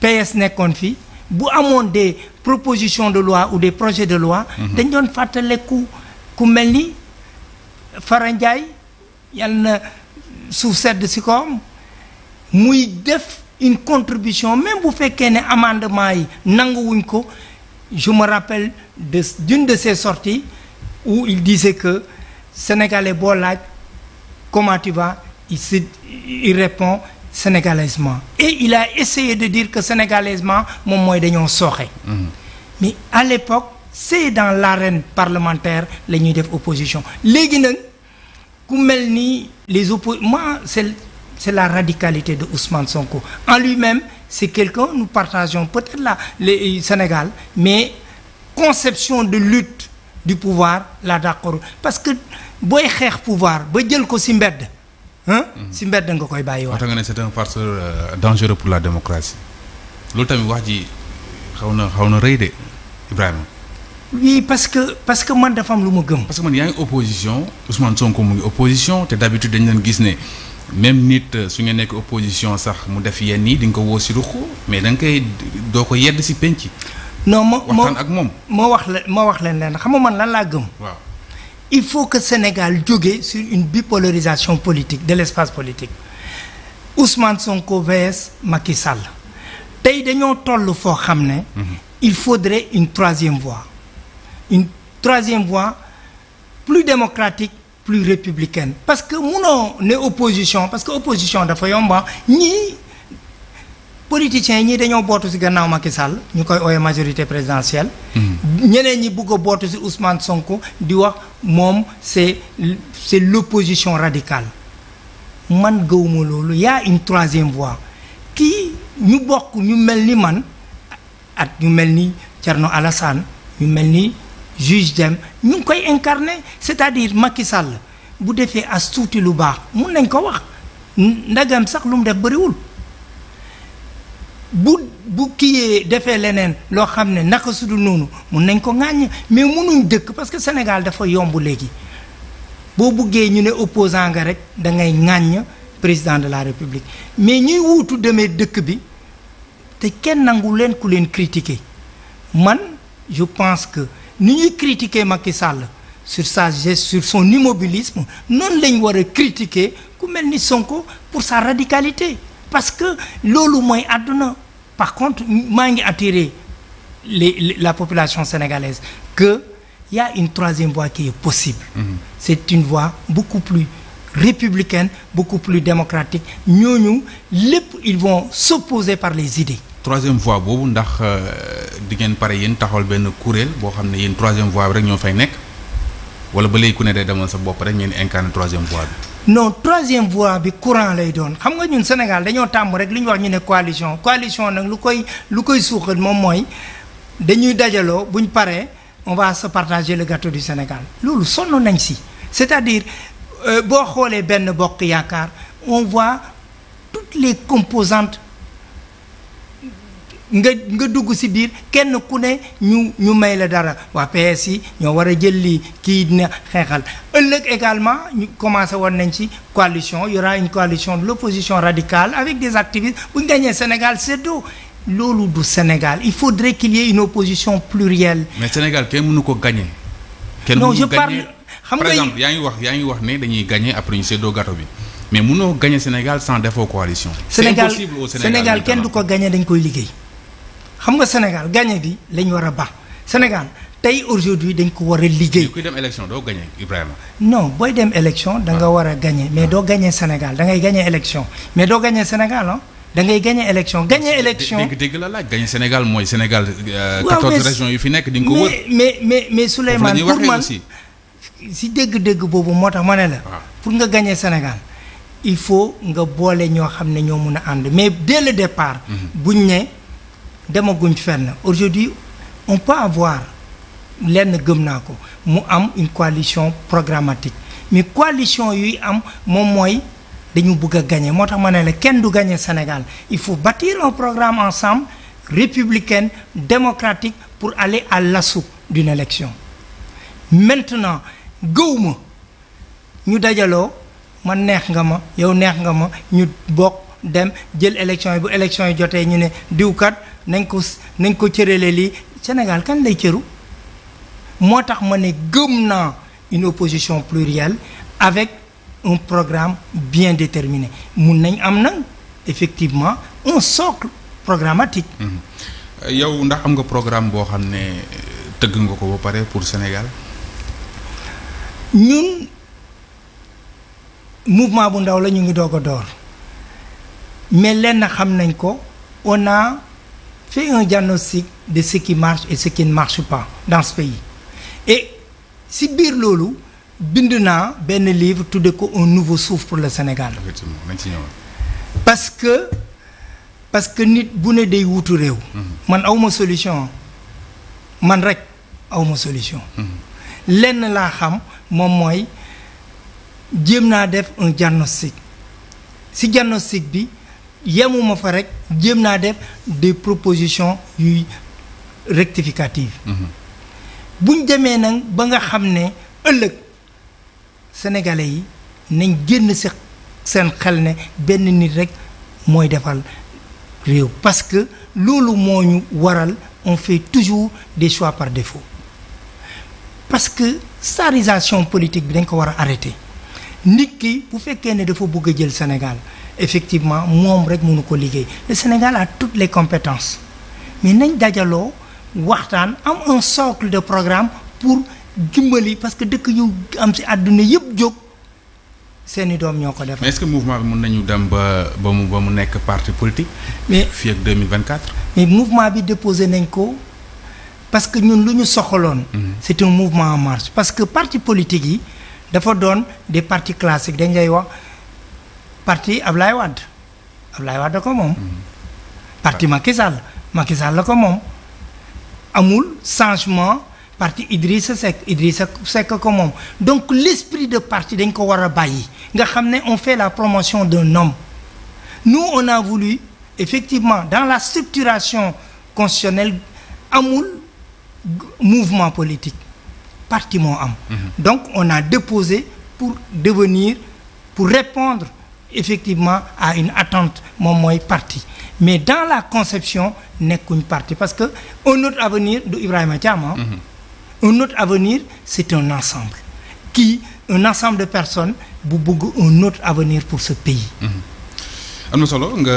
PS nekkoon fi bu amoon des proposition de loi ou des projet de loi mmh. dañ doon fàttaleku ku mel ni Fara Ndiaye na suuf sedd si ko muy def une contribution même bu fekkee ne amendement yi nanguwuñ ko je me rappelle de d'une de ses sorties où il disait que sénégalais boo laaj comment tu vas il se répond sénégalaisement et il a essayé de dire que sénégalaisement moom mooy dañoo sooxe. Mmh. mais à l'époque c'est dans l'arène parlementaire la ñuy def opposition léegi nag ku mel ni les oppo moi c'est c'est la radicalité de Ousmane Sonko en lui-même c'est quelqu'un nous partageons peut-être là le euh, Sénégal mais conception de lutte du pouvoir la d'accord parce que booy xeex pouvoir ba jël ko ci mbedd mhm. ci mbedd nga koy bàyyi wax nga ne c'est un facteur euh, dangereux pour la démocratie loolu tamit wax ji xaw na xaw na rëy de Ibrahima oui parce que parce que man dafa am lu ma gëm parce que man yaa ngi opposition Ousmane Sonko mu ngi opposition te d'habitude dañ leen gis ne même nit euh, su ngeen nekk opposition sax mu def yenn yi di nga ko woo si ruq mais danga nga koy doo ko yedd si penc. non moo waxtaan ak moom. moo wax la moo wax leen leen xam na man lan laa gëm. waaw il faut que Sénégal jóge sur une bipolarisation politique de l' espace politique Ousmane Sonko vs Macky Sall tey dañoo toll foo xam ne. Mhm. il faudrait une troisième voie une troisième voie plus démocratique. plus républicaine parce que munoo ne opposition parce que opposition dafa yomba ñii politiciens yi ñii dañoo bootu si gannaaw Macky Sall ñu koy ooyee majorité présidentielle. Mm-hmm. ñeneen ñi bugg bootu si Ousmane Sonko di wax moom c'est c'est l'opposition radicale man gëwuma loolu y'a une troisième voie kii ñu bokk ñu mel ni man at ñu mel ni Thierno Alassane ñu mel ni. juge dem ñu ngi koy incarner c'est-à-dire Macky Sall bu defee as suuti lu baax mun nañ ko wax ndagam sax lu mu def bëriwul bu bu kiyee defee leneen loo xam ne naka su dul noonu mun nañ ko ŋàññ mais munuñ dëkk parce que Sénégal dafa yomb léegi boo buggee ñu ne opposant nga rek da ngay ŋàññ président de la République mais ñuy wuutu demee dëkk bi te kenn nangu leen ku leen critiquer man je pense que ni ñuy critiquer Macky Sall sur sa sur son immobilisme noonu lañ war a critiquer ku mel ni Sonko pour sa radicalité parce que loolu mooy àdduna par contre maa ngi attirer les la population sénégalaise que y a une troisième voie qui est possible mm-hmm. c'est une voie beaucoup plus républicaine beaucoup plus démocratique ñooñu lépp ils vont s'opposer par les idées troisième voie boobu ndax euh, di ngeen pare yéen taxawal benn kuréel boo xam ne yéen troisième voie bi rek ñoo fay nekk wala ba léegi ku ne day demal sa bopp rek ngeen incarné troisième voie bi. non troisième voie bi courant lay doon xam nga ñun Sénégal dañoo tàmm rek lu ñu wax ñu ne coalition coalition nag lu koy lu koy suuxal moom mooy dañuy dajaloo buñ paree on va se partager le gâteau du Sénégal loolu sonn nañ si c'est-à-dire euh, boo xoolee benn bokk yaakaar on voit toutes composantes. nga nga dugg si biir kenn ku ne ñu ñu may la dara waa PS yi ñoo war a jël lii kii dina xeexal ëllëg également ñu commencé woon nañ ci coalition y aura une coalition de l'opposition radicale avec des activistes bu ñu gañee Sénégal séddoo loolu du Sénégal il faudrait qu'il y ait une opposition plurielle. mais Sénégal kenn mënu ko gagné. kenn mënu ko xam nga par yaa ngi wax yaa ngi wax ne dañuy gagné après ñu séddoo gâteau bi. mais mënoo gagné Sénégal sans défaut coalition. c'est impossible au Sénégal Sénégal kenn du ko gagné dañ koy liggéey. xam nga Sénégal gagné bi lañ war a baax Sénégal tey aujourd'hui dañ ko war a liggéey. kuy dem élection doo gagné Ibrahima. non booy dem élection danga nga ah. war a gagné mais ah. doo gagné Sénégal da ngay gagné élection mais doo gagné Sénégal ah. ngay gagné élection gagné élection dégg dégg la laaj gagné Sénégal mooy Sénégal. Euh, quatorze région yu fi nekk di nga ko wër. mais mais mais Souleymane pour man si dégg-dégg boobu moo tax ma ne la. Ah. pour nga gagné Sénégal. il faut nga boole ñoo xam ne ñoo mun a ànd mais dès le départ. Mm-hmm. buñ ne. demaguñ fenn aujourd'hui on peut avoir lenn gëm naa ko mu am une coalition programmatique mais coalition yuy am moom mooy dañu bëgg a gagner moo tax ma ne la kenn du gagner Sénégal il faut bâtir un programme ensemble républicain pour aller à l'assaut maintenant gëwma ñu dajaloo man neex nga ma yow neex nga ma ñu bokk dem jël élection yi bu élection yi jotee ñu ne diwkat nañ ko nañ ko cëralee lii Sénégal kan lay cëru moo tax ma ne gëm na une opposition plurielle avec un programme bien déterminé mun nañ am nag effectivement un socle programmatique. yow ndax am nga programme boo xam ne tëgg nga ko ba pare pour Sénégal. ñun mouvement bu ndaw la ñu ngi doog a door mais lenn xam nañ ko on fait un diagnostic de ce qui marche et ce qui ne marche pas dans ce pays et si biir loolu bind naa benn livre tudde ko un nouveau souffle pour le Sénégal parce que parce que nit bu ne day wutu réew mm-hmm. man awma solution man rek awma solution mm-hmm. lenn laa xam moom mooy jéem naa def un diagnostic si diagnostic bi yemuma fa rek jéem naa def des proposition yuy rectificative mhm. buñ demee nag ba nga xam ne ëllëg sénégalais yi nañ génn si seen xel ne benn nit rek mooy defal réew parce que loolu moo ñu waral on fait toujours des choix par défaut parce que sarisation politique bi dañ ko war a arrêter nit ki bu fekkee ne dafa bugg a jël Sénégal effectivement moom rek mënu ko liggéey le Sénégal a toutes les compétences mais nañ dajaloo waxtaan am un socle de programme pour dimbali parce que dëkk ñu am si àdduna yëpp jóg seeni doom ñoo ko def. mais est-ce que mouvement bi mën nañu dem ba ba mu ba nekk parti politique. mais fii ak 2024. mais mouvement bi déposé nañ ko parce que ñun lu ñu soxaloon. Mhm. c'est un mouvement en marche parce que parti politique yi dafa doon des parti classiques dañ lay wax. parti Ablaye Wade Ablaye Wade da ko moom. parti Macky Sall Macky ko moom. amul changement parti Idrissa Seck Idrissa Seck ko moom donc l'esprit de parti dañ ko war a bàyyi nga xam ne on fait la promotion d'un homme nous on a voulu effectivement dans la structuration constitutionnelle amul mouvement politique parti moo am. donc on a déposé pour devenir pour répondre. effectivement à une attente moom mooy parti mais dans la conception nekkuñ parti parce que un autre avenir du Ibrahima Thiam mm -hmm. un autre avenir c'est un ensemble qui un ensemble de personnes bu bëgg un autre avenir pour ce pays mm am na solo nga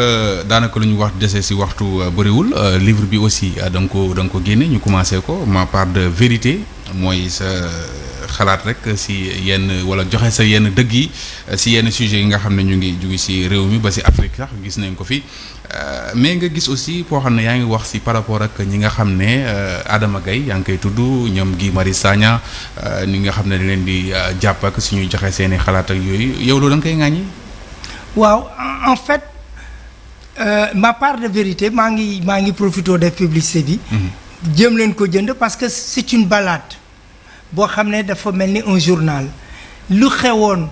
daanaka lu ñu wax dese si waxtu euh, bëriwul euh, livre bi aussi euh, da nga ko da ko génne ñu commencé ko ma part de vérité mooy sa euh, xalaat rek si yenn wala joxe sa yenn dëgg yi euh, si yenn sujets yi nga xam ne ñu ngi jóge si réew mi ba si Afrique sax gis nañ ko fi euh, mais nga gis aussi foo xam ne yaa ngi wax si par rapport ak ñi nga xam ne Adama Gaye yaa ngi koy tudd ñoom Guy Marius Sagna ni nga xam ne dañ leen di jàpp ak suñuy joxe seeni xalaat ak yooyu yow loolu da nga koy ŋàññi. waaw en fait ma part de vérité maa ngi maa ngi profité def publicité bi. jëm mhm. leen ko jënd parce que c'est une boo xam ne dafa mel ni un journal lu xewoon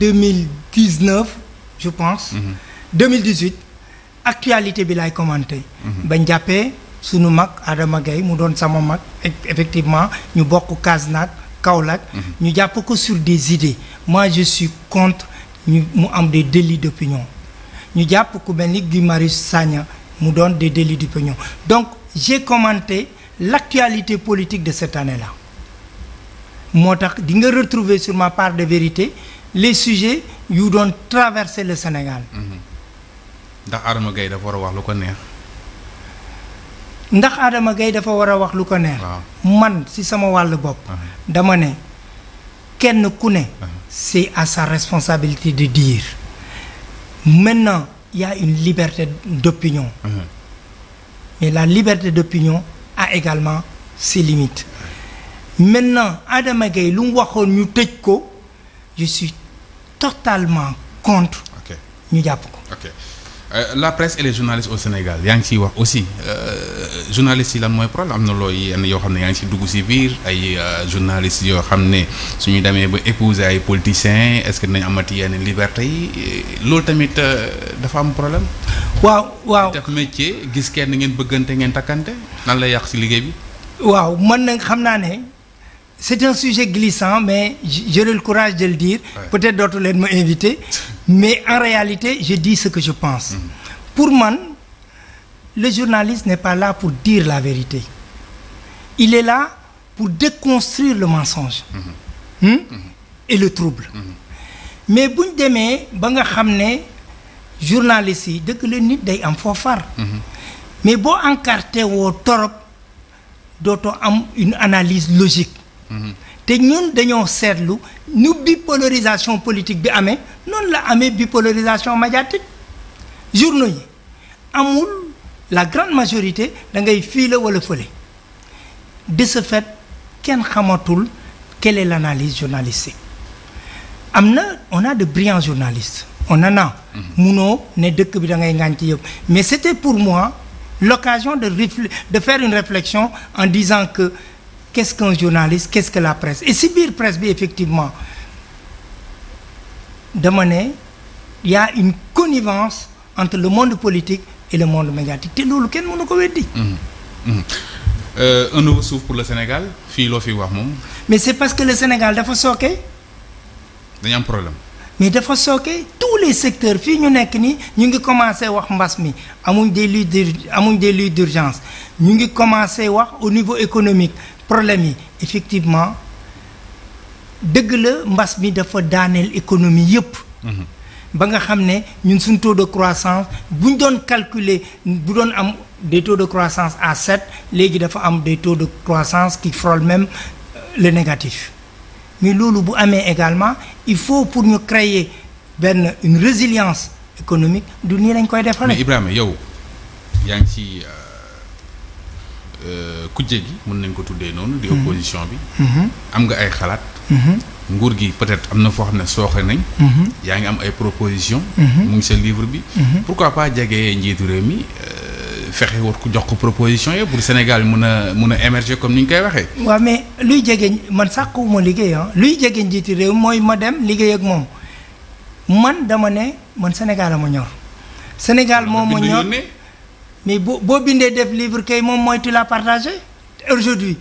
deux mille dix neuf je pense. Mhm. deux mille dix huit actualité bi laay commenté. Mhm. bañ jàppee sunu mag Adama Gaye mu doon sama mag effectivement ñu bokk Kasnack Kaolack. Mhm. ñu jàpp ko sur des idées moi je suis contre mu am des délits d'opinion ñu jàpp ko mel ni Guy Marius Sagna mu doon des délits d'opinion donc j'ai commenté l'actualité politique de cette année-là. moo tax di nga retrouver sur ma part de vérité les sujets yu doon traverser le Sénégal. Mm-hmm. ndax Adama Gaye dafa war a wax lu ko neex. ndax Adama gay dafa war a wax lu ko neex. man si sama wàllu bopp. Uh-huh. dama ne kenn ku ne. Uh-huh. c'est à sa responsabilité de dire maintenant il y a une liberté d'opinion. mais uh-huh. la liberté d'opinion a également ses limites. maintenant Adama Gaye lu mu waxoon ñu tëj ko je suis totalement contre. ñu jàpp ko. ok euh, la presse et les au Sénégal yaa ngi ciy wax aussi euh, journalistes yi lan mooy problème am na looy yenn yoo xam ne yaa ngi ci dugg si biir ay euh, journalistes yoo xam ne su ñu demee ba épouser ay politiciens est-ce que dinañ amati yenn liberté yi euh, loolu tamit euh, dafa am problème. waaw waaw def métier gis kenn ngeen bëggante ngeen takkante nan la yàq si liggéey bi. waaw man nag xam naa ne. c'est un sujet glissant mais j'ai le courage de le dire ouais. peut-être dootu leen invité mais en réalité je dis ce que je pense mm-hmm. pour man le journaliste n'est pas là pour dire la vérité il est là pour déconstruire le mensonge mm -hmm. hmm? et le trouble mm-hmm. mais bu ñu demee ba nga xam ne journaliste yi dëgg le nit day am foo far mais boo encarté woo torop dootoo am une analyse logique Mm-hmm. te ñun dañoo seetlu ñu bipolarisation politique bi amee noonu la amee bipolarisation médiatique journaux yi amul la grande majorité da ngay fii wala fële de ce fait kenn xamatul quelle est l'analyse journalistique am na on a de brillants journalistes on en a mm-hmm. munoo ne dëkk bi da ngay ngaañ ci yëpp mais c'était pour moi locasion de de faire une réflexion en disant que qu'est-ce qu'un journaliste qu'est-ce que la presse et si biir presse bi effectivement dama ne yaa y a une connivence entre le monde politique et le monde médiatique te loolu kenn mënu ko weddi. Mhm. Mhm. Euh, un nouveau souffle pour le Sénégal fii loo fi wax moom. mais c'est parce que le Sénégal dafa sooke. dañu am problème. mais dafa sooke tous les secteurs fii ñu nekk nii ñu ngi commencé wax mbas mi amuñ des lieux amuñ des d'urgence ñu ngi commencé wax au niveau économique. problème yi effectivement dëgg la mbas mi dafa daaneel économie yépp mhm. ba nga xam ne ñun suñ taux de croissance bu ñu doon calculer bu doon am des taux de croissance à 7 léegi dafa am des taux de croissance qui frôlent même euh, le négatif mais loolu bu amee également il faut pour ñu créer benn une résilience économique du nii lañ koy defaree. mais Ibrahima yow yaa ngi ci. Euh, Euh, kujje gi mën nañ ko tuddee noonu. di mhm. opposition bi. Mhm. am nga ay xalaat. Mhm. nguur gi peut-être am na foo xam ne sooxe nañ. yaa ngi am ay proposition mu ngi sa livre bi. pourquoi pas jege njiitu réew mi euh, fexe war ko jox ko proposition yi pour Sénégal mun a mun a émerger comme ni ñu koy waxee. waaw mais luy jege man sàkkuwuma liggéey ah luy jege njiitu réew mooy ma dem liggéey ak moom man dama ne man Sénégal a ma ñor. Sénégal moo ma ñor mais boo boo bindee def livre kay moom mooy tu la partagé aujourd'hui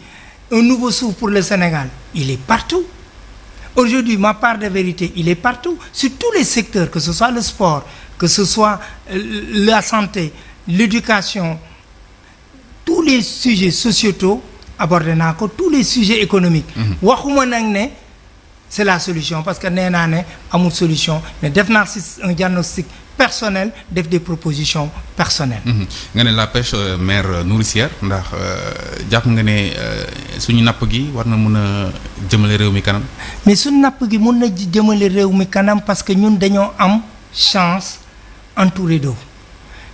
un nouveau souffle pour le Sénégal il est partout aujourd'hui ma part de vérité il est partout sur tous les secteurs que ce soit le sport que ce soit euh, la santé l'éducation tous les sujets sociétaux abordé naa ko tous les sujets économiques mhm. waxuma nag ne c'est la solution parce que nee naa ne amul solution mais def naa si un diagnostic personnel def des propositions personnelles. Mhm. nga ne la pêche euh, mère euh, nourricière ndax euh, jàpp nga ne suñu napp gi war na mun a jëmale réew mi kanam. mais suñu napp gi mun na jëmale réew mi kanam parce que ñun dañoo am chance entouré d'eau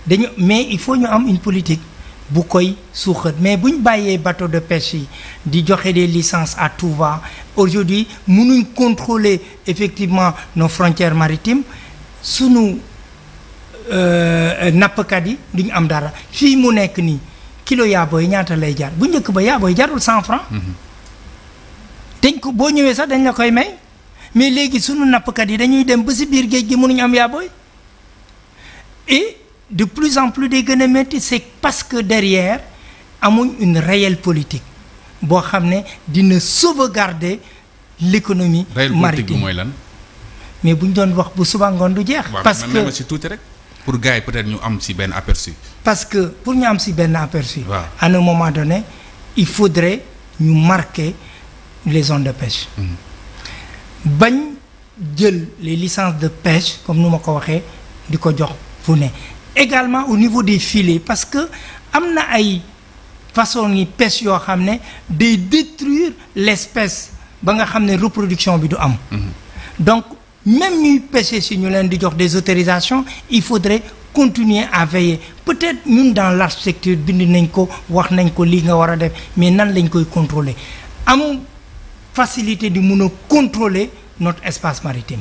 dañu mais il faut ñu am une politique bu koy suuxat mais bu ñu bàyyee bateau de pêche yi di joxe des licences à tout va aujourd'hui mënuñ contrôler effectivement nos frontières maritime sunu. Euh, euh, nappkat yi duñu am dara fii mu nekk nii kilo yaaboy ñaata lay jar bu njëkk ba yaaboy jarul cent franc mhm. dañ ko boo ñëwee sax dañ la koy may mais léegi sunu nappkat yi dañuy dem ba si biir géej gi mënuñu am yaaboy et de plus en plus day gën a métti c'est parce que derrière amuñ une réelle politique boo xam ne dina sauvegarder l'économie maritime mais bu doon wax bu suba du jeex. parce que tuuti rek. pour gars yi peut-être ñu am si benn aperçu. parce que pour ñu am si benn aperçu. waaw à un moment donné il faudrait ñu marquer les zones de pêche. Mm-hmm. bañ jël les licences de pêche comme nu ma ko waxee di ko jox fu ne. également au niveau des filets parce que am na ay façon ni pêche yoo xam ne day détruire l'espèce ba nga xam ne reproduction bi du am. Mm-hmm. donc même ñuy pêcher si ñu leen di jox des autorisations il faudrait continuer à veiller peut-être ñun dans l'architecture bind nañ ko wax nañ ko lii nga war a def mais nan lañ koy contrôler am facilité di mun a contrôler not espace maritime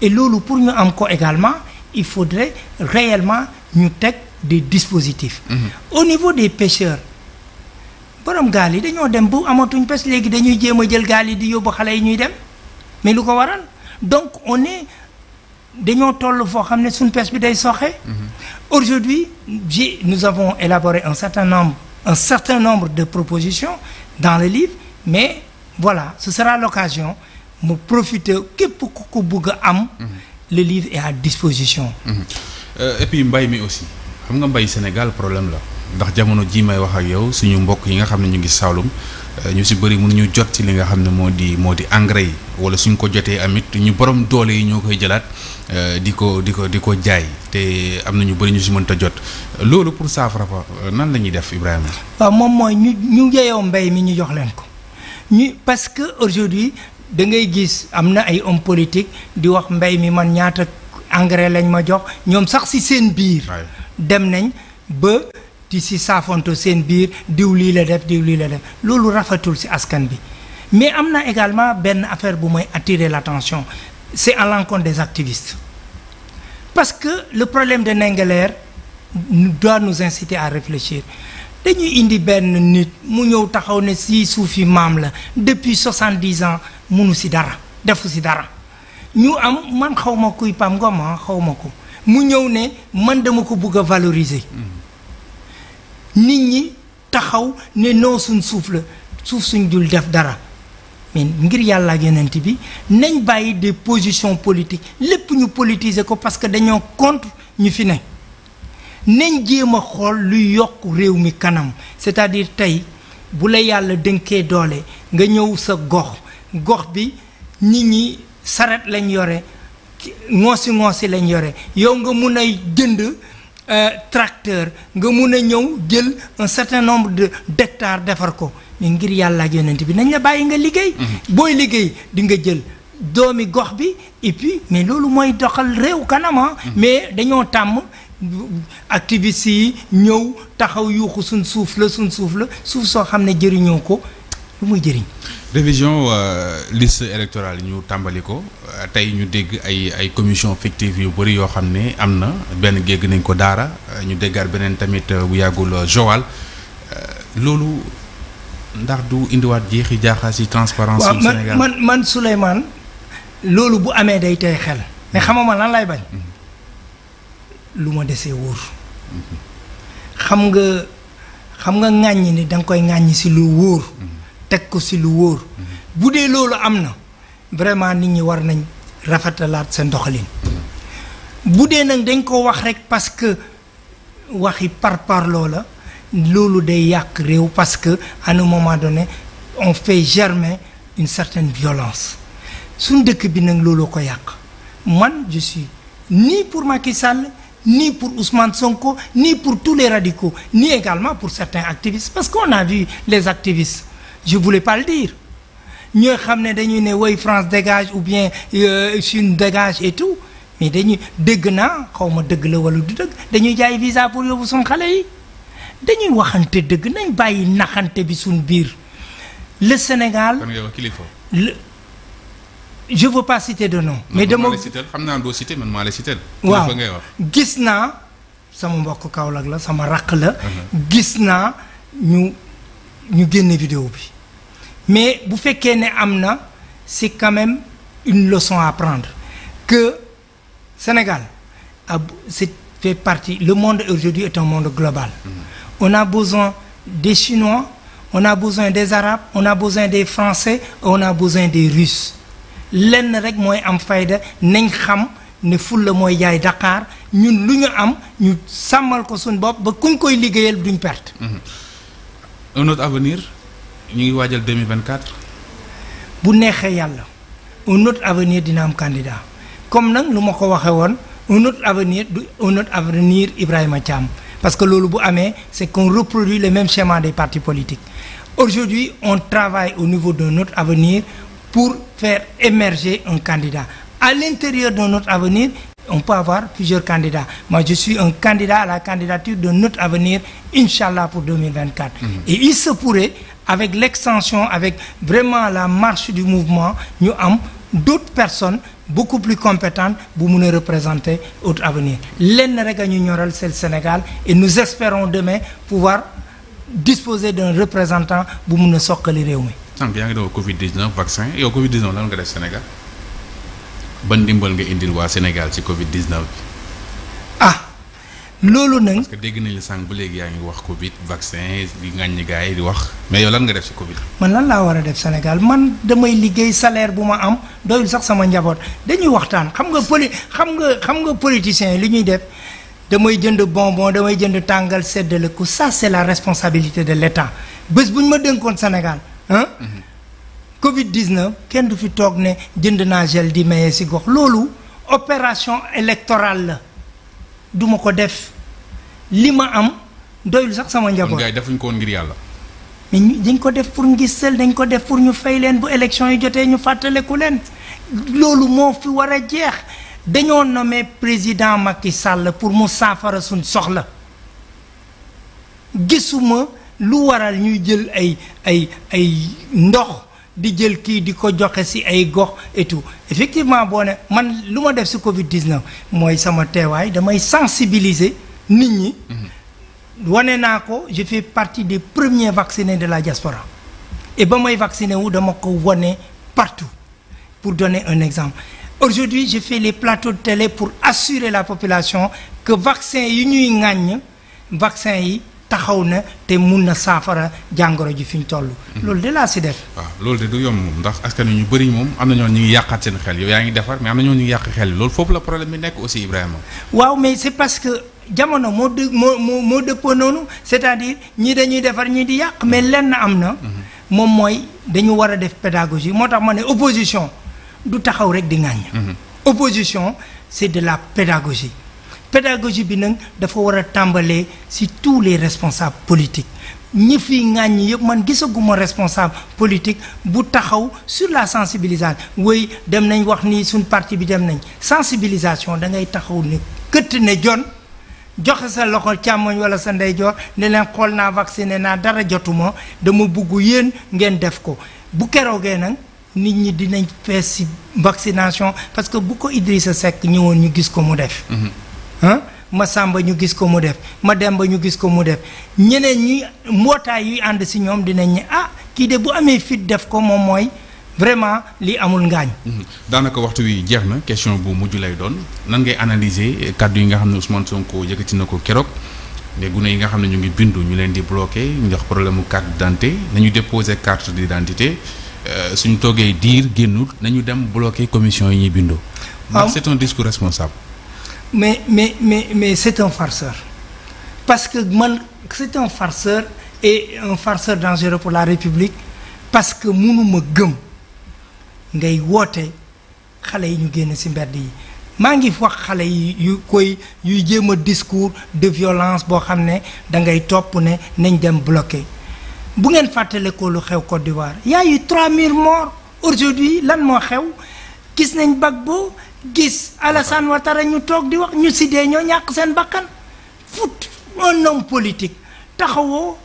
et loolu pour ñu am ko également il faudrait réellement ñu teg des dispositif mhm. au niveau des pêcheurs borom gaal yi dañoo dem bu amatuñ pêche léegi dañuy jéem a jël gaal yi di yóbbu xale yi ñuy dem mais lu ko waral donc on est dañoo toll foo xam ne suñu pêche bi day soxe mhm. aujourd'hui j'ai nous avons élaboré un certain nombre un certain nombre de propositions dans le livre mais voilà ce sera l'occasion mu profiter képp ku ko bugg am mhm. le livre et à disposition mmh. et puis mbay mi aussi xam nga mbay Sénégal problème la ndax jamono jii may wax ak yow suñu mbokk yi nga xam ne ñu ngi Saalum Euh, ñu si bëri mun ñu jot ci li nga xam ne moo di moo di engrais yi wala suñ ko jotee amit ñu boroom doole yi ñoo koy jëlaat euh, di ko di ko di ko jaay te am na ñu bëri ñu si mënta jot loolu pour saafara fa euh, nan la ñuy def Ibrahima. waaw moom mooy ñu ñu yeyoo mbéy mi ñu jox leen ko ñu parce que aujourd'hui da ngay gis am na ay hommes politiques di wax mbay mi man ñaata engrais lañ ma jox ñoom sax si seen biir. dem nañ ba. di si saafonto seen biir diw lii la def diw la def loolu rafetul si askan bi mais am na également benn affaire bu mooy la l'attention c'est à l'encontre des activistes parce que le problème de Ndingler doit nous inciter à réfléchir dañuy indi benn nit mu ñëw taxaw ne si suufi maam la depuis soixante-dix ans munu si dara defu si dara ñu am man xaw ma kuy Pam Ngom ah, xaw ma ko mu ñëw ne man dama ko bëgg a valoriser hmm. nit ñi taxaw ne noo suñ suuf la suuf suñ jul def dara mais ngir yàlla yonent bi nañ bàyyi des position politiques lépp ñu politiser ko parce que dañoo contre ñu fi ne nañ jéem a xool luy yokk réew mi kanam c'est-à-dire tey bu la yàlla dënkee doole nga ñëw sa gox gox bi nit ñi saret lañ yore ngoosi ngoosi lañ yore yow nga mun ay jënd Euh, tracteur nga mun a ñëw jël un certain nombre de d'hectares defar ko mais ngir yàlla ak bi nañ la bàyyi nga liggéey. Mhm. booy liggéey di nga jël doomi gox bi et puis mais loolu mooy doxal réew kanam ah. mhm. mais dañoo tàmm. activistes yi ñëw taxaw yuuxu suñ suuf la suñ suuf la suuf soo xam ne jëriñoo ko lu muy jëriñ révision euh, list électorale ñu tàmbali ko euh, tey ñu dégg ay ay commission fictive yu bëri yoo xam ne am na benn géeg nañ ko daara euh, ñu déggaat beneen tamit bu yàggul Joal loolu ndax du indiwaat jeexi jaaxaa si transparence au Sénégal man man Souleymane loolu bu amee day tey xel mais mm-hmm. xamama lan lay bañ mm-hmm. lu ma desee wóor mm-hmm. xam nga xam nga ŋàññ ni danga koy ŋàññ si lu wóor teg ko si lu wóor bu dee loolu am na vraiment nit ñi war nañ rafetalaat seen doxalin bu dee nag dañ ko wax rek parce que waxi par parloo la loolu day yàq réew parce que à un moment donné on fait germer une certaine violence suñ dëkk bi nag looloo ko yàq man je suis ni pour Macky sàll ni pour Ousmane Sonko ni pour tous les radicaux ni également pour certains activistes parce qu'on a vu les activistes je voulais pas xam ne dañuy ne woy France dégage ou bien euh, Chine dégage et tout mais dañuy dëgg xaw ma dëgg la wala du dañuy jaay visa pour yóbbu suñ xale yi dañuy dëgg nañ bàyyi naxante bi suñ biir le Sénégal je veux pas citer de nom. mais dama xam naa doo citer man maa la citer. waaw gis naa sama mbokk Kaolack la sama raq la. Uh-huh. gis naa ñu. ñu génne vidéo bi mais bu fekkee ne am na c'est quand une leçon à prendre que Sénégal a c'est fait partie le monde aujourd'hui est un monde global mmh. on a besoin des Chinois on a besoin des Arabes on a besoin des Français on a besoin des Russes lenn rek mooy am fayda nañ xam ne fulla mooy jaay Dakar ñun lu ñu am ñu sàmmal ko suñ bopp ba kuñ koy liggéeyal duñ perte mmh. un autre avenir ñu ngi waajal 2024. bu neexee yàlla un autre avenir dina am candidat comme nag lu ma ko waxee woon un autre avenir du un autre avenir Ibrahima Thiam parce que loolu bu amee c'est qu'on reproduit le même schéma des partis politiques aujourd'hui on travaille au niveau de notre avenir pour faire émerger un candidat à l'intérieur de notre avenir on peut avoir plusieurs candidats moi je suis un candidat à la candidature de notre avenir Inch'Allah pour 2024 mm -hmm. et il se pourrait avec l'extension avec vraiment la marche du mouvement ñu am d'autres personnes beaucoup plus compétentes bu mun a représenter notre avenir lenn rek a ñu ñoral c'est le Sénégal et nous espérons demain pouvoir disposer d'un représentant bu mun a soqali réew mi. sànq yaa ngi doon Covid 19 vaccin yow Covid Sénégal. ban ndimbal nga indil waa Sénégal ci Covid 19 bi. ah loolu nag. parce que dégg nañu sànq bu léegi yaa ngi wax Covid vaccin di ŋàññi gars yi di wax. mais yow lan nga def ci Covid. man lan laa war a def Sénégal man damay liggéey salaire bu ma am doyul sax sama njaboot dañuy waxtaan xam nga poli xam nga xam nga politiciens yi li ñuy def. damay jënd bonbon damay jënd tàngal seddale ko ça c'est la responsabilité de l'État bés bu ñu ma dénkoon Sénégal Covid 19 kenn du fi toog ne jënd naa gel di maye si gox loolu opération électorale la duma ko def li ma am doyul sax sama njaboot. gars yi defuñ ko woon ngir yàlla. mais dañ ko def pour ngir sel dañ ko def pour ñu fay leen bu élection yi jotee ñu fàttaleku leen loolu moo fi war a jeex dañoo nommé président Macky sàll pour mu saafara suñ soxla gisuma lu waral ñuy jël ay ay ay ndox. di jël kii di ko joxe si ay gox et tout effectivement boo ne man lu ma def si Covid 19 mooy sama teewaay damay sensibiliser nit ñi. Mm-hmm. wane naa ko jëfee partie des premiers vaccinés de la diaspora et ba may vacciné wu dama ko wane partout pour donner un exemple aujourd'hui je fais les plateaux de télé pour assurer la population que vaccin yi ñuy ngàññ vaccin yi. taxaw na te mun na saafara jàngoro ji fi ñu toll. Mhm. loolu de laa si def. waaw loolu de du yomb moom ndax askan wi ñu bëri moom am na ñoo ñu ngi yàqaat seen xel yow yaa ngi defar mais am na ñoo ñu ngi yàq xel loolu foofu la problème bi nekk aussi Ibrahima. waaw mais c'est parce que jamono moo dë moo moo moo dëppoo noonu c'est-à-dire ñii dañuy defar ñii di yàq mais mhm. lenn am na. Mhm. moom mooy dañu war a def pédagogie moo tax ma ne opposition du taxaw rek di ŋàññ. opposition c'est de la pédagogie. pédagogie bi nag dafa war a tàmbalee si tous les responsables politiques ñi fi ŋàññi yëpp man gisaguma responsables politique bu taxaw sur la sensibilisation woy dem nañ wax ni suñ partie bi dem nañ sensibilisation da ngay taxaw ne këtt ne jon joxe sa loxo càmmoñ wala sa ndeyjoor ne xool naa vacciné naa dara jotuma dama bugg yéen ngeen def ko bu keroogee nag nit ñi dinañ fees ci vaccination parce que bu ko Idrissa Seck ñëwoon ñu gis ko mu def mm-hmm. ah ma sàmba ñu gis ko mu def ma demba ñu gis ko mu def ñeneen ñuy mbootaay yuy ànd si ñoom dinañ ne ah kii de bu amee fit def ko moom mooy vraiment li amul ngaañ. Mhm. daanaka waxtu wi jeex na question bu mujj lay doon nan ngay analyser kàddu yi nga xam ne Ousmane Sonko yëkkati na ko keroog ne gune yi nga xam ne ñu ngi bindu ñu leen di bloqué ñu jox problème mu carte d'identité nañu déposé carte d'identité euh, suñu toogee diir génnul nañu dem bloqué commission yi ñuy bindoo. waaw c'est un discours mais mais mais mais c'est un farceur parce que man c'est un farceur et un farceur dangereux pour la République parce que mënuma gëm ngay woote xale yi ñu génn ci mbedd yi maa ngi wax xale yi yu koy yuy jéem a discours de violence boo xam ne da ngay topp ne nañ dem bloqué bu ngeen ko lu xew Côte d'Ivoire y a eu 3000 morts aujourd'hui lan moo xew gis nañ Gbagbo gis Alassane Ouattara ñu toog di wax ñu sidee ñoo ñàkk seen bakkan fut un homme politique taxawoo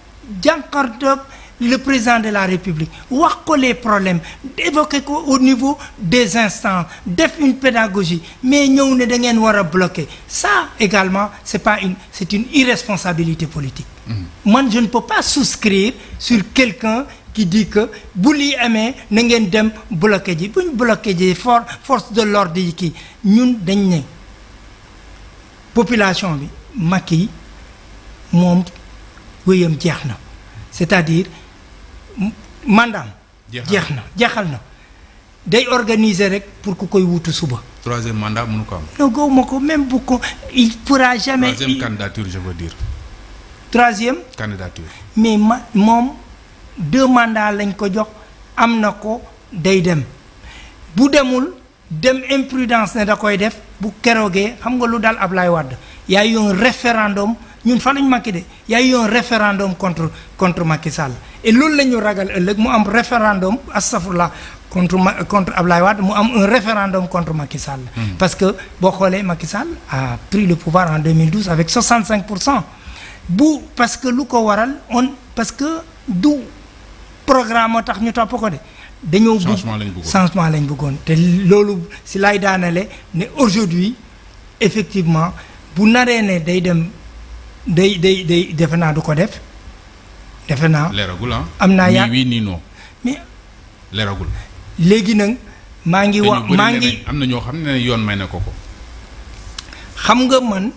jànkartoog le président de la république wax ko les problèmes évoquer ko au niveau des instances def une pédagogie mais ñëw ne da ngeen war a bloquer ça également c'est pas une c'est une irresponsabilité politique mm. man je ne peux pas souscrire sur quelqu'un qui dikk bu lii amee na ngeen dem bloqué ji bu ñu bloqué ji for force de l'ordre yi kii ñun dañ ne population bi yi moom wéyam jeex na c'est-à-dire mandaam jeex na jeexal na day organiser rek pour ku koy wutu suba. troisième mandat mënu ko am. non ko même bu ko il pourra jamais. troisième candidature je veux dire. troisième. mais ma moom. deux mandats lañ ko jox am na ko day dem bu demul dem imprudence ne da koy def bu keroogee xam nga lu daal ab Wade y a eu un référendum ñun fa lañu Macky de yaay a eu un référendum contre contre Macky et loolu la ñu ragal ëllëg mu am référendum astafurlah contre ab Ablaye Wade mu am un référendum contre Macky Sall. Hmm. parce que boo xoolee Macky Sall a pris le pouvoir en 2012 avec cinq pour cent bu parce que lu ko waral on parce que du. programme moo tax ñu topp ko de. dañoo bëgg changement lañ bëggoon changement lañ bëggoon te loolu si laay daanale ne aujourd'hui effectivement bu naree ne day dem day day day defe naa du ko def defe naa. leeragul ah. am naa yaa oui oui non. mais léegi nag maa ngi. wax maa ngi am na ñoo xam ne yoon may na ko ko. xam nga man.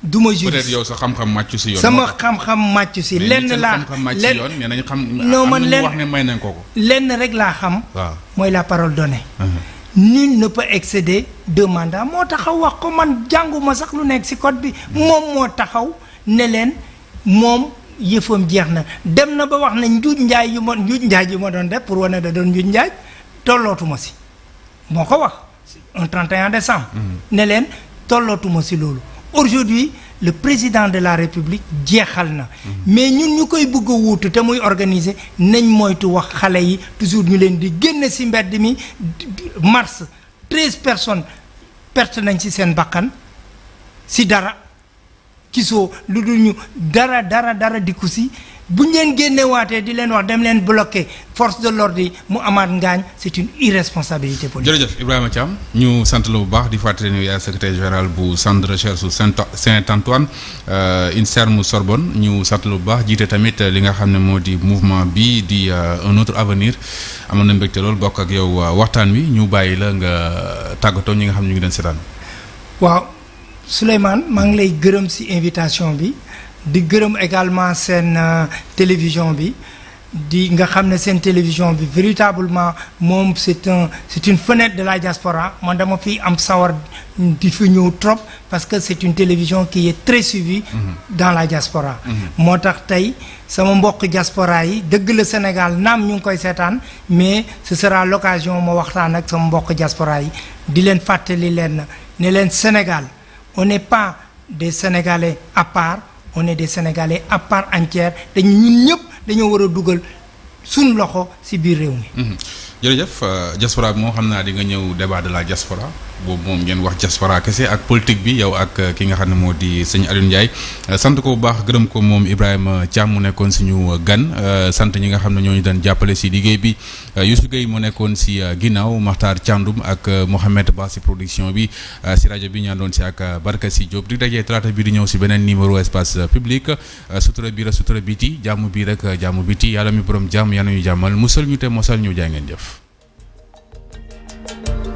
du ma juriste peut sa xam màcc si sama xam-xam màcc si lenn laa lenn mais nañ xam non man lenn wax ne may nañ ko lenn rek laa xam. waaw mooy la parole donné uh-huh. nul ne peut excéder deux moo taxaw wax ko man jànguma sax lu nekk si code bi. Uh-huh. moom moo taxaw ne leen moom yëfam jeex na dem na ba wax na njuuj njaay yu ma njuuj njaay yu ma doon def pour wane da doon njuuj njaay tollootuma si moo ko wax un 31 décembre. Uh-huh. ne leen tollootuma si loolu. aujourd'hui le président de la république jeexal na mais ñun ñu koy bëgg a wuutu te muy organiser nañ moytu wax xale yi toujours ñu leen di génn ci mbedd mi mars treize personnes perte nañ ci seen bakkan ci dara gisoo lu dul ñu dara dara dara dikku ci buñ leen génnewaatee di leen wax dem leen bloqué force de l'ordre yi mu amaat ngaañ c'est une irresponsabilité politique. jërëjëf Ibrahima Thiam ñu sant bu baax di fàttali ne yaay secrétaire bu centre de recherche Saint-Antoine INSERM euh, Sorbonne ñu sant la bu baax jiite tamit li nga xam ne moo di mouvement bi di euh, un autre avenir amoon na mbégte lool bokk ak yow euh, waxtaan wi ñu bàyyi la nga tàggatoo ñi nga xam ne ñu ngi leen seetaan. waaw Souleymane maa ngi lay gërëm ci invitation bi. di gërëm également seen euh, télévision bi di nga xam ne seen télévision bi véritablement moom c'est un c'est une fenêtre de la diaspora man dama fi am sawar di fi ñëw trop parce que c'est une télévision qui est très mhm. dans la diaspora mhm. moo tax tey sama mbokk diaspora yi dëgg la Sénégal naam ñu ngi koy seetaan mais ce sera l'occasion ma waxtaan ak sama mbokk diaspora yi di leen fàttali leen ne leen Sénégal on n'est pas de Sénégalais à part on est des sénégalais à part entière dañu ñun ñëpp dañoo war a dugal suñ loxo ci biir réew mi. Mmh. jërëjëf euh, diaspora bi moo xam naa di nga ñëw débat de la diaspora boobu moom ngeen wax diaspora kese ak politique bi yow ak euh, ki nga xam ne moo di sëñ Aliou Ndiaye euh, sant ko bu baax gërëm ko moom Ibrahima Thiam mu nekkoon suñu euh, gan sant ñi nga xam ne ñoo ñu daan jàppale si liggéey bi Youssou Gueye mu nekkoon si ginnaaw Makhtar Thiandoum ak Mohamed Ba si production bi si rajo bi ñu àndoon si ak Barka si Diop di dajee talaata bi di ñëw si beneen numéro espace public sutura bi rek sutura biti jàmm bi rek jàmm biti yàlla mi borom jàmm yàlla ñu jàmmal musal ñu te mosal ñu jaay ngeen